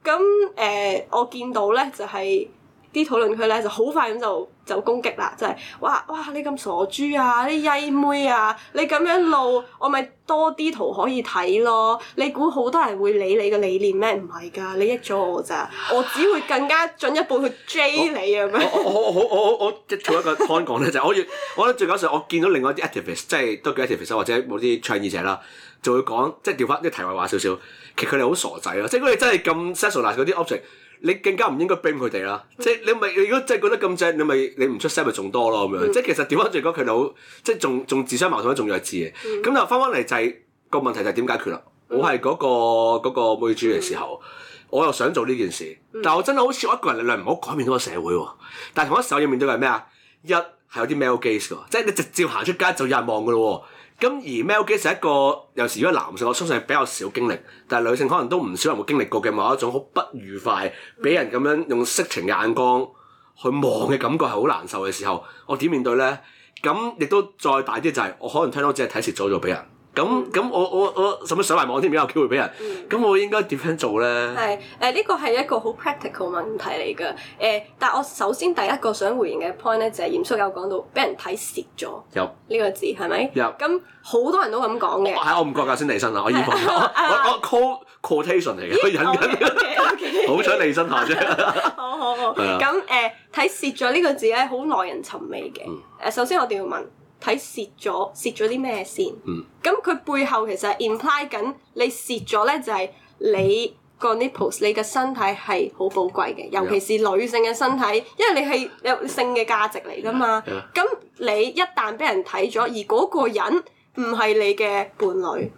咁誒我見到咧就係，啲討論區咧就好快咁就就攻擊啦，就係、是、哇哇你咁傻豬啊，啲曳妹啊，你咁、啊、樣露，我咪多啲圖可以睇咯。你估好多人會理你嘅理念咩？唔係㗎，你益咗我咋，我只會更加進一步去追你咁樣我吧。我好我好我我做一個 point 講咧， 就我我覺得最搞笑，我見到另外一啲 activist，即係都叫 activist 或者冇啲創意者啦，就會講即係調翻啲題外話少少。其實佢哋好傻仔咯，即係佢哋真係咁 s 啲 object。你更加唔應該 blame 佢哋啦，嗯、即係你咪，如果真係覺得咁正，你咪你唔出聲咪仲多咯咁樣、嗯，即係其實調翻轉嚟講，佢哋好，即係仲仲自相矛盾得仲弱智嘅，咁、嗯、就翻返嚟就係、是、個問題就係點解決啦？嗯、我係嗰、那個嗰、那個 major 嘅時候，我又想做呢件事，嗯、但我真係好似我一個人力量唔好改變到個社會喎。但係同一時候要面對嘅係咩啊？一係有啲 male gaze 嘅，即係你直接行出街就有人望嘅咯喎。咁而 melting 係一個有時，如果男性我相信比較少經歷，但係女性可能都唔少人會經歷過嘅某一種好不愉快，俾人咁樣用色情嘅眼光去望嘅感覺係好難受嘅時候，我點面對咧？咁亦都再大啲就係、是，我可能聽到只係睇蝕咗就俾人。咁咁我我我使乜上埋網添？而家有機會俾人，咁我應該點樣做咧？係，誒，呢個係一個好 practical 問題嚟噶。誒，但係我首先第一個想回應嘅 point 咧，就係鹽叔有講到俾人睇蝕咗，有呢個字係咪？有。咁好多人都咁講嘅。係我唔覺㗎，先離身啊！我以埋我我 call quotation 嚟嘅，我好想離身下啫。好好好。咁誒睇蝕咗呢個字咧，好耐人尋味嘅。誒，首先我哋要問，喺蝕咗蝕咗啲咩先？咁佢、嗯、背後其實 imply 緊，你蝕咗咧就係你個 nipple，你嘅身體係好寶貴嘅，尤其是女性嘅身體，因為你係有性嘅價值嚟噶嘛。咁、嗯嗯嗯、你一旦俾人睇咗，而嗰個人唔係你嘅伴侶，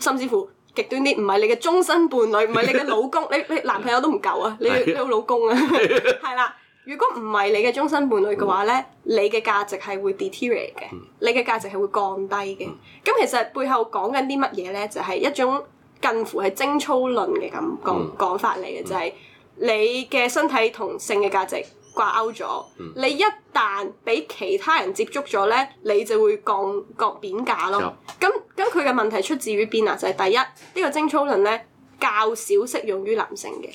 甚至乎極端啲，唔係你嘅終身伴侶，唔係你嘅老公， 你你男朋友都唔夠啊，你你要老公啊，係啦。如果唔係你嘅終身伴侶嘅話咧，你嘅價值係會 deteriorate 嘅，你嘅價值係會降低嘅。咁其實背後講緊啲乜嘢咧？就係一種近乎係貞操論嘅咁講講法嚟嘅，就係你嘅身體同性嘅價值掛鈎咗。你一旦俾其他人接觸咗咧，你就會降降貶價咯。咁咁佢嘅問題出自於邊啊？就係第一呢個貞操論咧較少適用於男性嘅，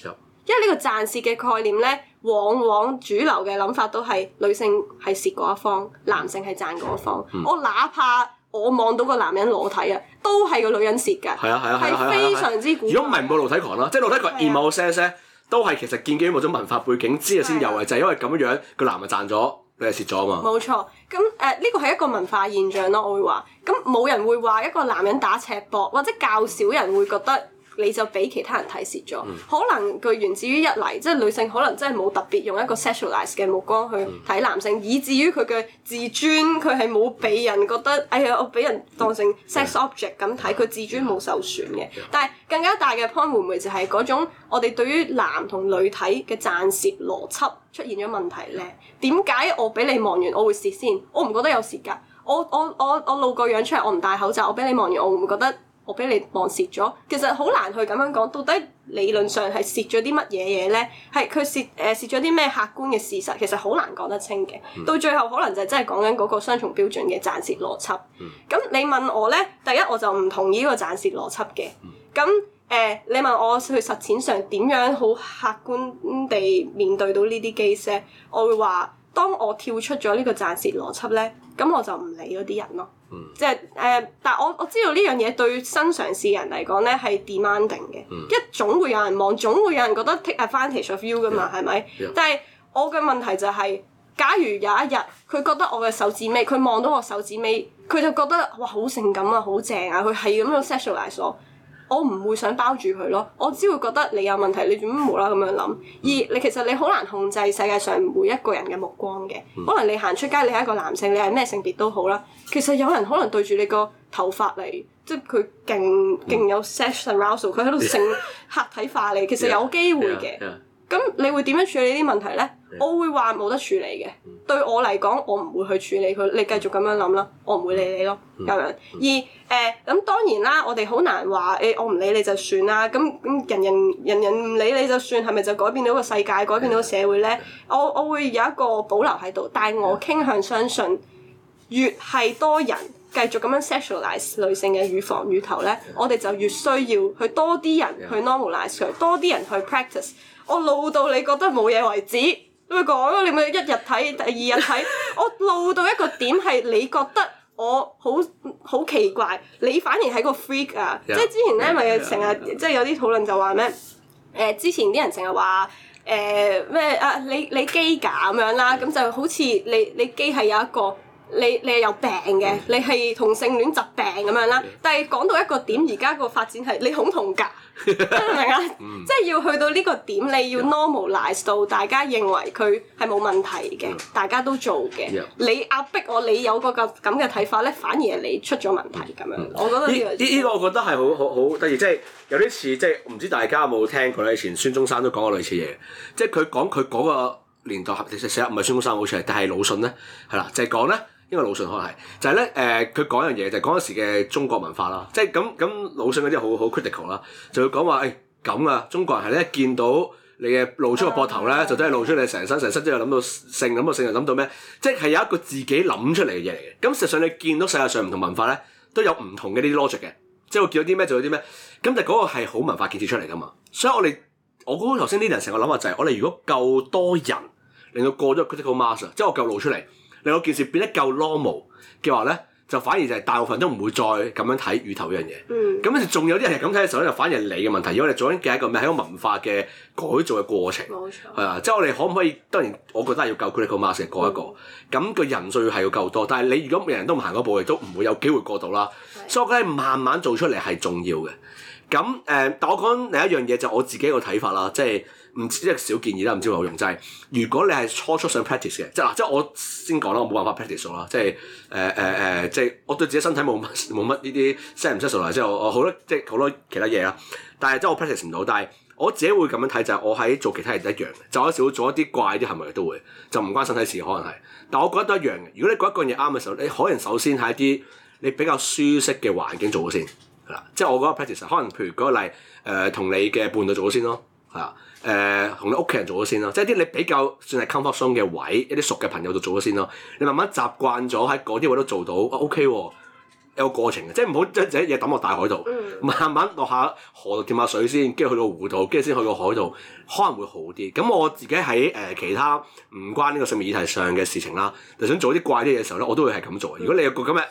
因為呢個暫時嘅概念咧。往往主流嘅諗法都係女性係蝕嗰一方，嗯、男性係賺嗰一方。嗯、我哪怕我望到個男人裸體啊，都係個女人蝕嘅。係啊係啊，係非常之古。如果唔係冇露體狂啦，即係露體狂 emo sense 都係其實見基於某種文化背景之後先認為，就係因為咁樣個男係賺咗，你係蝕咗啊嘛。冇錯，咁誒呢個係一個文化現象咯，我會話，咁冇人會話一個男人打赤膊，或者較少人會覺得。你就俾其他人睇蝕咗，嗯、可能佢源自於一嚟，即係女性可能真係冇特別用一個 sexualize 嘅目光去睇男性，嗯、以至於佢嘅自尊佢係冇俾人覺得，哎呀我俾人當成 sex object 咁睇，佢、嗯、自尊冇受損嘅。嗯嗯、但係更加大嘅 point、嗯、會唔會就係嗰種我哋對於男同女體嘅暫時邏輯出現咗問題咧？點解、嗯、我俾你望完我會蝕先？我唔覺得有蝕㗎。我我我我露個樣出嚟，我唔戴口罩，我俾你望完，我唔覺得？我俾你望蝕咗，其實好難去咁樣講，到底理論上係蝕咗啲乜嘢嘢咧？係佢蝕誒蝕咗啲咩客觀嘅事實？其實好難講得清嘅。嗯、到最後可能就真係講緊嗰個雙重標準嘅賺蝕邏輯。咁、嗯、你問我咧，第一我就唔同意呢個賺蝕邏輯嘅。咁誒、嗯呃，你問我去實踐上點樣好客觀地面對到呢啲 case，我會話。當我跳出咗呢個暫時邏輯咧，咁我就唔理嗰啲人咯。嗯、即係誒、呃，但係我我知道呢樣嘢對新嘗試人嚟講咧係 demanding 嘅，一總、嗯、會有人望，總會有人覺得 take advantage of you 噶嘛，係咪？但係我嘅問題就係、是，假如有一日佢覺得我嘅手指尾，佢望到我手指尾，佢就覺得哇好性感啊，好正啊，佢係咁樣 sexualise 我。我唔會想包住佢咯，我只會覺得你有問題，你做乜無啦啦咁樣諗？而，你其實你好難控制世界上每一個人嘅目光嘅，可能你行出街，你係一個男性，你係咩性別都好啦。其實有人可能對住你個頭髮嚟，即係佢勁勁有 sexual arousal，佢喺度性客體化你，其實有機會嘅。Yeah. Yeah. Yeah. 咁你會點樣處理呢啲問題咧？Yeah. 我會話冇得處理嘅，mm hmm. 對我嚟講，我唔會去處理佢。你繼續咁樣諗啦，我唔會理你咯。咁、mm hmm. 樣而誒，咁、呃、當然啦，我哋好難話誒、欸，我唔理你就算啦。咁咁人人人人唔理你就算，係咪就改變到個世界，改變到個社會咧？Yeah. 我我會有一個保留喺度，但係我傾向相信，越係多人繼續咁樣 sexualize 女性嘅乳房乳頭咧，Yeah. 我哋就越需要去多啲人去 normalize 佢，多啲人去 practice。我露到你覺得冇嘢為止，你咪講咯，你咪一日睇，第二日睇。 我露到一個點係你覺得我好好奇怪，你反而係個 freak 啊！Yeah, 即係之前咧咪成日，yeah, yeah, yeah, yeah. 即係有啲討論就話咩？誒、呃、之前啲人成日話誒咩啊？你你機架咁樣啦，咁就好似你你機係有一個。你你有病嘅，你係同性戀疾病咁樣啦。但係講到一個點，而家個發展係你恐同㗎，明啊？即係要去到呢個點，你要 normalize 到大家認為佢係冇問題嘅， 大家都做嘅。 你壓迫我，你有個咁嘅睇法咧，反而係你出咗問題咁樣。 我覺得呢個呢呢個我覺得係好好好得意，即係有啲似即係唔知大家有冇聽過咧？以前孫中山都講過類似嘢，即係佢講佢嗰個年代合寫寫唔係孫中山好似係，但係魯迅咧係啦，就係、是、講咧。就係講因為魯迅可能係就係咧誒，佢講樣嘢就係嗰陣時嘅中國文化啦，即係咁咁魯迅嗰啲好好 critical 啦，就會講話誒咁啊，中國人係咧見到你嘅露出個膊頭咧，就真係露出你成身成身，之後諗到性，諗到性就諗到咩？即係有一個自己諗出嚟嘅嘢嚟嘅。咁事實上你見到世界上唔同文化咧，都有唔同嘅呢啲 logic 嘅，即係我見到啲咩就有啲咩。咁但係嗰個係好文化建設出嚟噶嘛。所以我哋我覺得頭先啲人成個諗法就係、是，我哋如果夠多人令到過咗 critical mass 即係我夠露出嚟。你個件事變得夠 normal 嘅話咧，就反而就係大部分都唔會再咁樣睇乳頭、嗯、一樣嘢。咁跟住仲有啲人係咁睇嘅時候咧，就反而係你嘅問題，因為我哋做緊嘅係一個咩？係一個文化嘅改造嘅過程。冇、嗯、錯，係啊，即係我哋可唔可以？當然，我覺得係要夠 critical mass 過一個。咁個、嗯、人數係要夠多，但係你如果人人都唔行嗰步，亦都唔會有機會過到啦。嗯、所以我覺得，慢慢做出嚟係重要嘅。咁誒、呃，但我講另一樣嘢就我自己個睇法啦，即係。唔知即係小建議啦，唔知有冇用。就係如果你係初初想 practice 嘅，即係即係我先講啦，我冇辦法 practice 咯、呃呃。即係誒誒誒，即係我對自己身體冇乜冇乜呢啲 set 唔 set 啦，即係我我好多即係好多其他嘢啦。但係即係我 practice 唔到，但係我自己會咁樣睇就係、是、我喺做其他嘢都一樣嘅，就好少做一啲怪啲行為都會，就唔關身體事可能係。但我覺得一樣嘅，如果你覺得一樣嘢啱嘅時候，你可能首先喺一啲你比較舒適嘅環境做先，係啦。即係我覺得 practice，可能譬如嗰個例誒，同、呃、你嘅伴侶做先咯，係啊。誒，同、呃、你屋企人做咗先咯，即係啲你比較算係 comfort zone 嘅位，一啲熟嘅朋友度做咗先咯。你慢慢習慣咗喺嗰啲位都做到、啊，OK 喎、啊，有個過程嘅，即係唔好將自己嘢抌落大海度，慢慢落下，下河度掂下水先，跟住去到湖度，跟住先去到海度，可能會好啲。咁我自己喺誒、呃、其他唔關呢個性別議題上嘅事情啦，就想做啲怪啲嘢嘅時候咧，我都會係咁做。如果你有個咁嘅，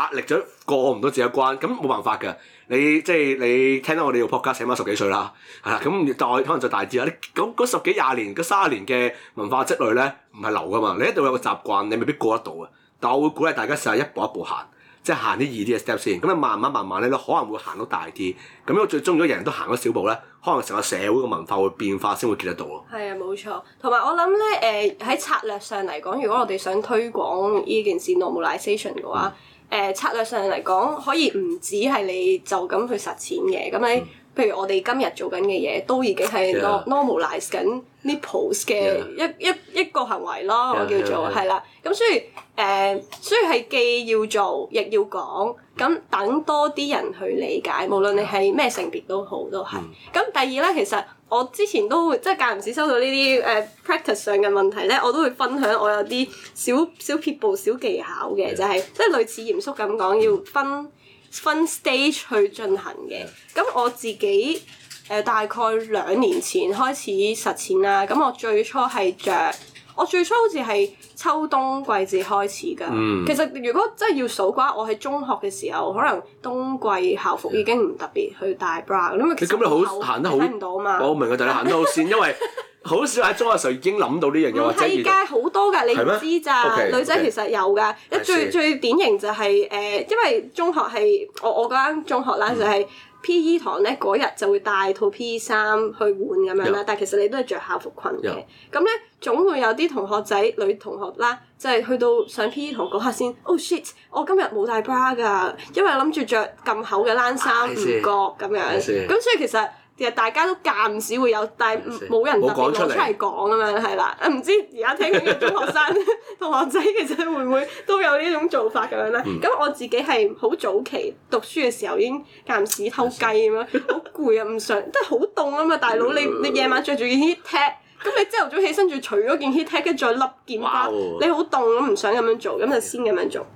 壓力咗過唔到自己一關，咁冇辦法㗎。你即係你聽到我哋要撲咖，寫埋十幾歲啦，係啦。咁再可能再大啲啦。咁嗰十幾廿年、嗰三十年嘅文化積累咧，唔係流噶嘛。你一度有一個習慣，你未必過得到啊。但我會鼓勵大家試下一步一步行，即係行啲易啲嘅 step 先。咁你慢慢慢慢咧，都可能會行到大啲。咁樣最終如果人人都行咗小步咧，可能成個社會嘅文化會變化，先會見得到咯。係啊，冇錯。同埋我諗咧，誒、呃、喺策略上嚟講，如果我哋想推廣呢件事 normalization 嘅話，誒、呃、策略上嚟講，可以唔止係你就咁去實踐嘅，咁你、嗯、譬如我哋今日做緊嘅嘢，都已經係 normalize 緊 nipples 嘅一、嗯、一一,一個行為咯，嗯、我叫做係、嗯、啦。咁所以誒，所以係、呃、既要做，亦要講，咁等多啲人去理解，無論你係咩性別都好，都係。咁、嗯、第二咧，其實。我之前都會即係間唔時收到呢啲誒、uh, practice 上嘅問題咧，我都會分享我有啲小小撇步、小技巧嘅，就係、是、即係類似嚴肅咁講，要分分 stage 去進行嘅。咁我自己誒、呃、大概兩年前開始實踐啦。咁我最初係着。我最初好似係秋冬季節開始噶，其實如果真係要數嘅話，我喺中學嘅時候，可能冬季校服已經唔特別去戴 bra，因為其實咁你好行得好睇唔到啊嘛。我明啊，但你行得好善，因為好少喺中學時候已經諗到呢樣嘢。我世界好多噶，你唔知咋？女仔其實有噶，一最最典型就係誒，因為中學係我我間中學啦，就係。P.E. 堂咧嗰日就會帶套 P.E. 衫去換咁樣啦，有但係其實你都係着校服裙嘅。咁咧有總會有啲同學仔，女同學啦，就係、是、去到上 P.E. 堂嗰刻先，oh shit！我今日冇帶 bra 㗎，因為諗住着咁厚嘅冷衫唔覺咁樣，咁、哎、呀所以其實。其實大家都間唔時會有，但係冇人特別攞出嚟講啊嘛，係啦。唔知而家聽緊中學生 同學仔其實會唔會都有呢種做法咁樣咧？咁、嗯、我自己係好早期讀書嘅時候已經間唔時偷雞咁樣，好攰 啊，唔想都係好凍啊嘛。大佬，你你夜晚着住件 heat tech，咁你朝頭早起身仲除咗件 heat tech，跟住再笠件衫，你好凍咁唔想咁樣做，咁就先咁樣做。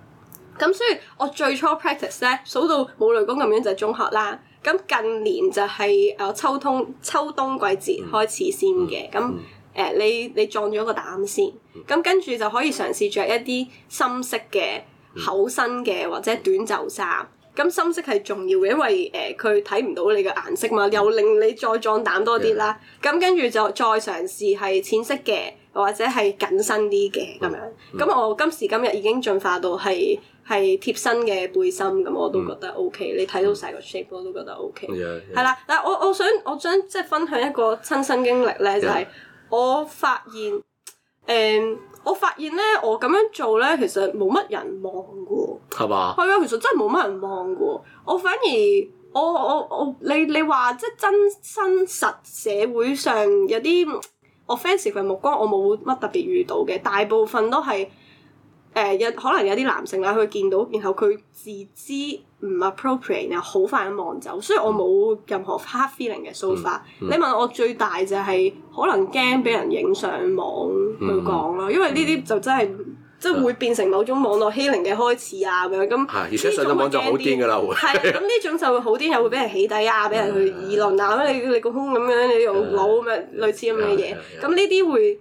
咁所以我最初 practice 咧，數到冇雷公咁樣就係中學啦。咁近年就係誒秋冬秋冬季節開始先嘅，咁誒、呃、你你壯咗個膽先，咁跟住就可以嘗試着，着一啲深色嘅厚身嘅或者短袖衫。咁深色係重要嘅，因為誒佢睇唔到你嘅顏色嘛，又令你再壯膽多啲啦。咁 Yeah. 跟住就再嘗試係淺色嘅。或者係緊身啲嘅咁樣，咁、嗯、我今時今日已經進化到係係貼身嘅背心咁，我都覺得 OK。你睇到晒個 shape 我都覺得 OK。係啦，但係我我想我想即係分享一個親身經歷咧，就係、是、我發現，誒、嗯嗯，我發現咧，我咁樣做咧，其實冇乜人望噶。係嘛吧？係啊，其實真係冇乜人望噶。我反而我我我，我，你你話即係真真實社會上有啲。我 fancy 嘅目光我冇乜特別遇到嘅，大部分都係誒、呃、有可能有啲男性啦，佢會見到，然後佢自知唔 appropriate，然後好快咁望走，所以我冇任何 hard feeling 嘅 so far、嗯。嗯、你問我最大就係、是、可能驚俾人影上網去講咯，嗯嗯、因為呢啲就真係。即係會變成某種網絡欺凌嘅開始啊，咁樣咁，呢啲咁就好癲㗎啦會，係啊，咁呢種就會好癲，又會俾人起底啊，俾人去議論啊，啊，你你個胸咁樣，你用腦咁樣類似咁嘅嘢，咁呢啲會。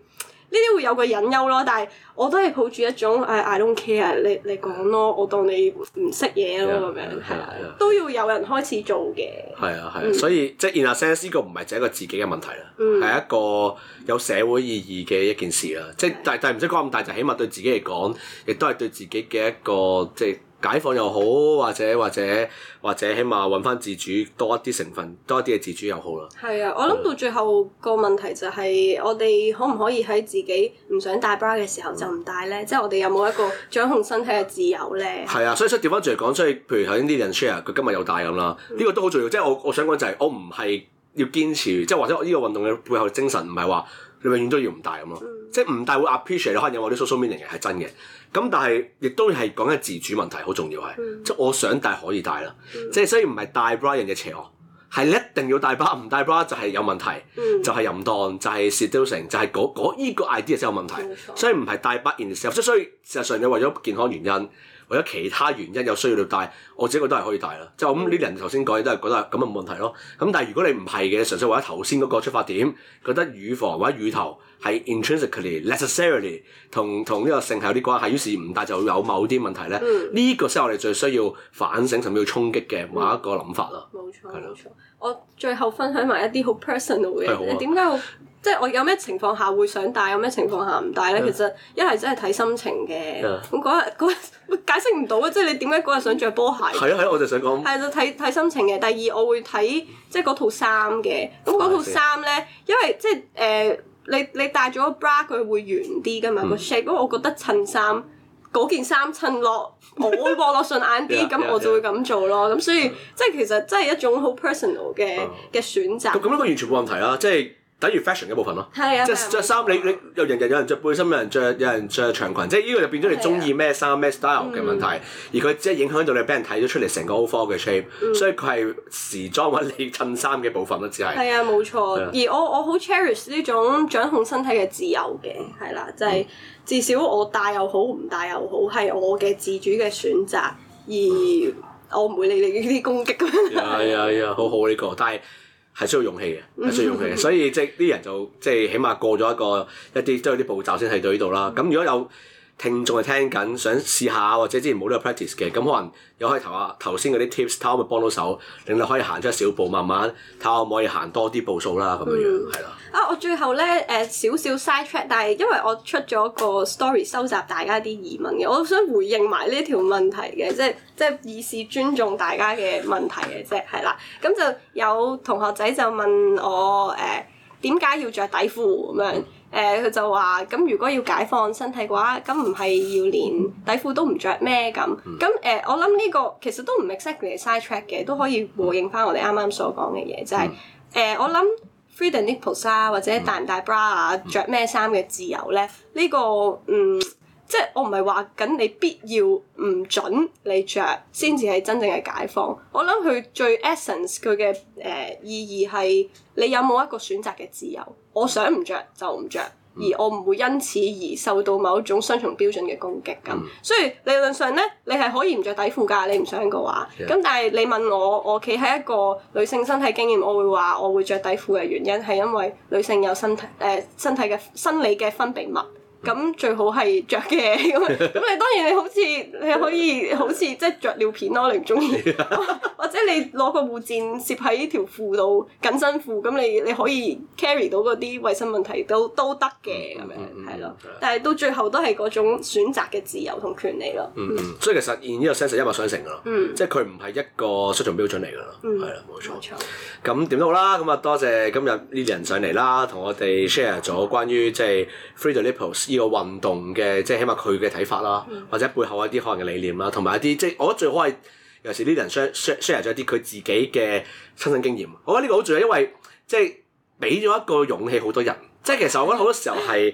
呢啲會有個隱憂咯，但係我都係抱住一種誒、哎、I don't care，你你講咯，我當你唔識嘢咯咁樣，yeah, yeah, yeah, yeah, yeah. 都要有人開始做嘅。係啊係啊，所以即係 in a sense 呢個唔係就係一個自己嘅問題啦，係、嗯、一個有社會意義嘅一件事啦。即係 Yeah. 但係唔使講咁大，就是、起碼對自己嚟講，亦都係對自己嘅一個即係。解放又好，或者或者或者，或者起碼揾翻自主多一啲成分，多一啲嘅自主又好啦。係啊，我諗到最後個問題就係，我哋可唔可以喺自己唔想戴 bra 嘅時候就唔戴咧？ 即係我哋有冇一個掌控身體嘅自由咧？係 啊，所以即係調翻轉嚟講，所以譬如頭先啲人 share 佢今日又戴咁啦，呢、嗯、個都好重要。即、就、係、是、我我想講就係，我唔係要堅持，即、就、係、是、或者我呢個運動嘅背後精神唔係話，你永遠都要唔戴咁咯。嗯即係唔帶會 appreciate 可能有我啲 social meaning 嘅係真嘅，咁但係亦都係講緊自主問題好重要係，嗯、即係我想帶可以帶啦，嗯、即係所以唔係帶 bra 嘅邪惡，係一定要帶 bra 唔帶 bra 就係有問題，嗯、就係淫蕩，就係、是、seduction，就係嗰嗰依個 idea 先有問題，嗯、所以唔係帶 bra 嘅邪惡，嗯、即所以事實上你為咗健康原因，為咗其他原因有需要要帶，我自己覺得係可以帶啦，即係咁呢啲人頭先講都係覺得咁啊冇問題咯，咁、嗯、但係如果你唔係嘅，純粹為咗頭先嗰個出發點，覺得乳房或者乳頭。係 intrinsically、necessarily 同同呢個性係有啲關係，於是唔戴就會有某啲問題咧。呢個先係我哋最需要反省，甚至要衝擊嘅某一個諗法咯對。冇錯，冇錯。我最後分享埋一啲好 personal 嘅，點解即係我有咩情況下會想戴，有咩情況下唔戴咧？Yeah, 其實一係真係睇心情嘅。咁嗰日嗰日解釋唔到嘅，即係你點解嗰日想着波鞋？係啊係啊，我就想講係就睇睇心情嘅。第二我會睇即係嗰套衫嘅、嗯。咁嗰、嗯、套衫咧，因為即係誒。對你你戴咗 bra 佢會圓啲㗎嘛，個 shape，因為我覺得襯衫嗰、嗯、件衫襯落 我望落順眼啲，咁、 yeah, yeah, yeah. 我就會咁做咯，咁所以 Yeah. 即係其實真係一種好 personal 嘅嘅、uh. 選擇。咁咁樣個完全冇問題啦，即係。等於 fashion 嘅部分咯、啊，的即係着衫你你又人人有人着背心，有人着有人著長裙，feet，即係呢個就變咗你中意咩衫咩 style 嘅問題，嗯、而佢即係影響到你俾人睇咗出嚟成個 overall 嘅 shape，所以佢係時裝或者襯衫嘅部分咯、啊，只係。係啊，冇錯。的而我我好 cherish 呢種掌控身體嘅自由嘅，係啦，就係、係、至少我戴又好，唔戴又好，係我嘅自主嘅選擇，而我唔會理你呢啲攻擊咁樣。係啊係啊，好好呢個，但係。係需要勇氣嘅，係需要勇氣嘅，所以即係啲人就即係起碼過咗一個一啲即係啲步驟先去到呢度啦。咁、嗯、如果有，聽眾係聽緊，想試下或者之前冇呢個 practice 嘅，咁可能有開頭啊頭先嗰啲 tips，睇下可唔可以幫到手，令你可以行出一小步，慢慢睇下可唔可以行多啲步數啦，咁樣樣係咯。嗯、了啊，我最後咧誒少少 side track，但係因為我出咗個 story，收集大家啲疑問嘅，我想回應埋呢條問題嘅，即係即係以示尊重大家嘅問題嘅啫，係啦。咁就有同學仔就問我誒點解要着底褲咁樣？嗯誒佢、呃、就話，咁如果要解放身體嘅話，咁唔係要連底褲都唔着咩咁？咁誒、呃，我諗呢個其實都唔 exactly side track 嘅，都可以和應翻我哋啱啱所講嘅嘢，就係、是、誒、呃、我諗 free the nipples 啊，或者戴唔戴 bra 啊，着咩衫嘅自由咧？呢、這個嗯。即係我唔係話緊你必要唔準你着先至係真正嘅解放。嗯、我諗佢最 essence 佢嘅誒意義係你有冇一個選擇嘅自由。我想唔着就唔着，而我唔會因此而受到某一種雙重標準嘅攻擊咁。嗯、所以理論上咧，你係可以唔着底褲㗎，你唔想嘅話。咁但係你問我，我企喺一個女性身體經驗，我會話我會着底褲嘅原因係因為女性有身體誒、呃、身體嘅生理嘅分泌物。咁、嗯、最好係着嘅咁，咁 你當然你好似你可以好似即係著尿片咯，你唔中意，或者你攞個護墊攝喺條褲度緊身褲，咁你你可以 carry 到嗰啲衞生問題都都得嘅咁樣，係咯、嗯嗯嗯。但係到最後都係嗰種選擇嘅自由同權利咯、嗯。嗯所以其實現呢個 sense 一脈相承㗎咯。嗯、即係佢唔係一個標準標準嚟㗎咯。嗯，係啦，冇錯。冇錯。咁點都好啦，咁啊多謝今日呢啲人上嚟啦，同我哋 share 咗關於即係 free the nipple 呢個運動嘅即係起碼佢嘅睇法啦，或者背後一啲可能嘅理念啦，同埋一啲即係我覺得最好係有時呢啲人 share share 咗一啲佢自己嘅親身經驗。我覺得呢個好重要，因為即係俾咗一個勇氣，好多人即係其實我覺得好多時候係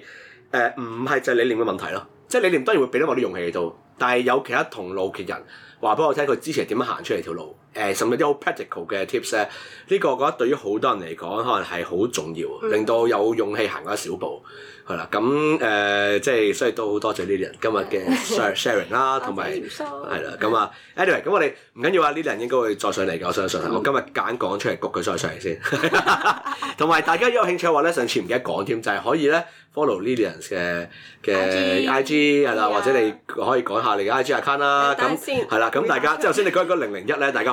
誒唔係就係理念嘅問題咯。即係理念當然會俾到某啲勇氣喺度，但係有其他同路嘅人話俾我聽，佢之前係點樣行出嚟條路。誒甚至啲好 practical 嘅 tips 咧，呢個我覺得對於好多人嚟講可能係好重要，令到有勇氣行一小步，係啦。咁、嗯、誒，即、呃、係，所以都好 有 多謝 Lilian 今日嘅 sharing 啦，同埋係啦。咁啊，anyway，咁我哋唔緊要啊，Lilian 應該會再上嚟嘅，我相信。 我今日揀講出嚟，焗佢再上嚟先。同 埋大家有興趣嘅話咧，上次唔記得講添，就係、是、可以咧 follow Lilian 嘅嘅 IG 係啦，或者你可以改下你嘅 IG account 啦。咁係 啦，咁大家即係頭先你講個零零一咧，大家。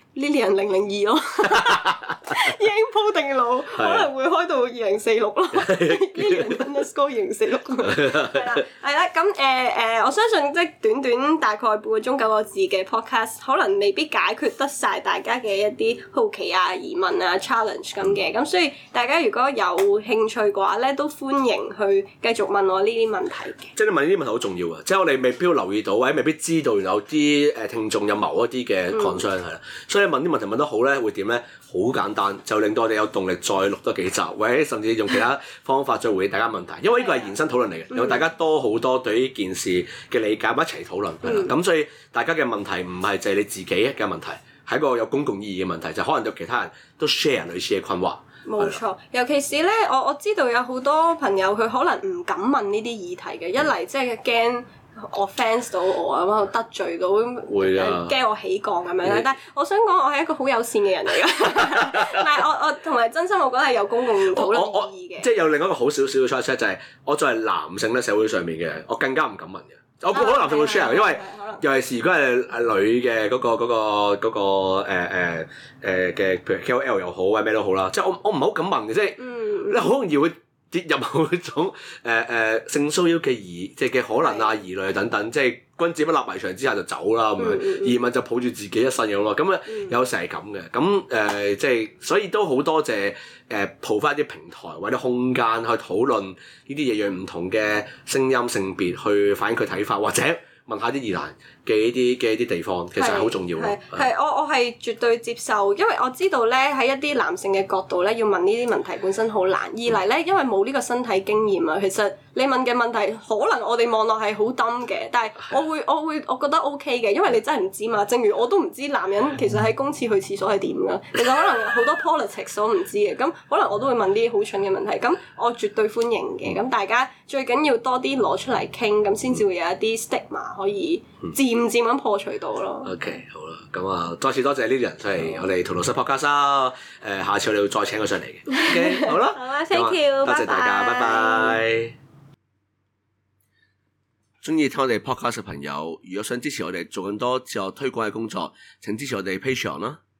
Lilian 零零二咯，已經鋪定路，可能會開到二零四六啦。Lilian finish go 二零四六，係啦，係啦。咁誒誒，我相信即係短短大概半個鐘九個字嘅 podcast，可能未必解決得晒大家嘅一啲好奇啊、疑問啊、challenge 咁嘅。咁所以大家如果有興趣嘅話咧，都歡迎去繼續問我呢啲問題嘅。即係你問呢啲問題好重要啊！即係我哋未必留意到，或者未必知道，有啲誒聽眾有某一啲嘅 concern 係啦，問啲問題問得好咧，會點咧？好簡單，就令到我哋有動力再錄多幾集，或者甚至用其他方法再回應大家問題。因為呢個係延伸討論嚟嘅，有大家多好多對呢件事嘅理解，一齊討論。咁、嗯、所以大家嘅問題唔係就係你自己嘅問題，係一個有公共意義嘅問題，就係、可能有其他人都 share 類似嘅困惑。冇錯，尤其是咧，我我知道有好多朋友佢可能唔敢問呢啲議題嘅，一嚟即係驚。我 fans 到我啊，咁樣得罪到，驚我起槓咁樣的，但係我想講， 我係一個好友善嘅人嚟㗎。唔係我我同埋真心，我覺得係有公共討論我意義嘅。即係有另一個好少少嘅 choice，就係、是、我作為男性咧，社會上面嘅人，我更加唔敢問嘅。我唔好男性會 share，、嗯嗯嗯、因為尤其是如果係女嘅嗰、那個嗰、那個嗰、那個嘅、欸欸呃，譬如 KOL 又好啊咩都好啦。即係我我唔好咁問嘅，即係你好容易會。跌入某一種誒、呃呃、性騷擾嘅疑，即係嘅可能啊、疑慮等等，即係君子不立危牆之下就走啦，咁樣疑問就抱住自己嘅信仰咯。咁啊，有時係咁嘅。咁誒、呃，即係所以都好多謝誒，鋪翻啲平台或者空間去討論呢啲嘢，用唔同嘅聲音、性別去反映佢睇法，或者問下啲疑難。嘅呢啲嘅一啲地方其實係好重要嘅，係、啊、我我係絕對接受，因為我知道咧喺一啲男性嘅角度咧要問呢啲問題本身好難，二嚟咧因為冇呢個身體經驗啊，其實你問嘅問題可能我哋望落係好 dumb 嘅，但係我會是我會,我,會我覺得 O K 嘅，因為你真係唔知嘛，正如我都唔知男人其實喺公廁去廁所係點㗎，其實可能好多 politics 我唔知嘅，咁可能我都會問啲好蠢嘅問題，咁我絕對歡迎嘅，咁大家最緊要多啲攞出嚟傾，咁先至會有一啲 stigma 可以漸漸咁破除到咯。 OK，好啦，咁、嗯、啊，再次多謝呢啲人出嚟， 我哋荼毒室 podcast。誒，下次我哋會再請佢上嚟嘅。OK，好啦，Thank you，多謝大家，bye bye 拜拜。中意聽我哋 podcast 朋友，如果想支持我哋做更多自我推廣嘅工作，請支持我哋 Patreon 啦、啊。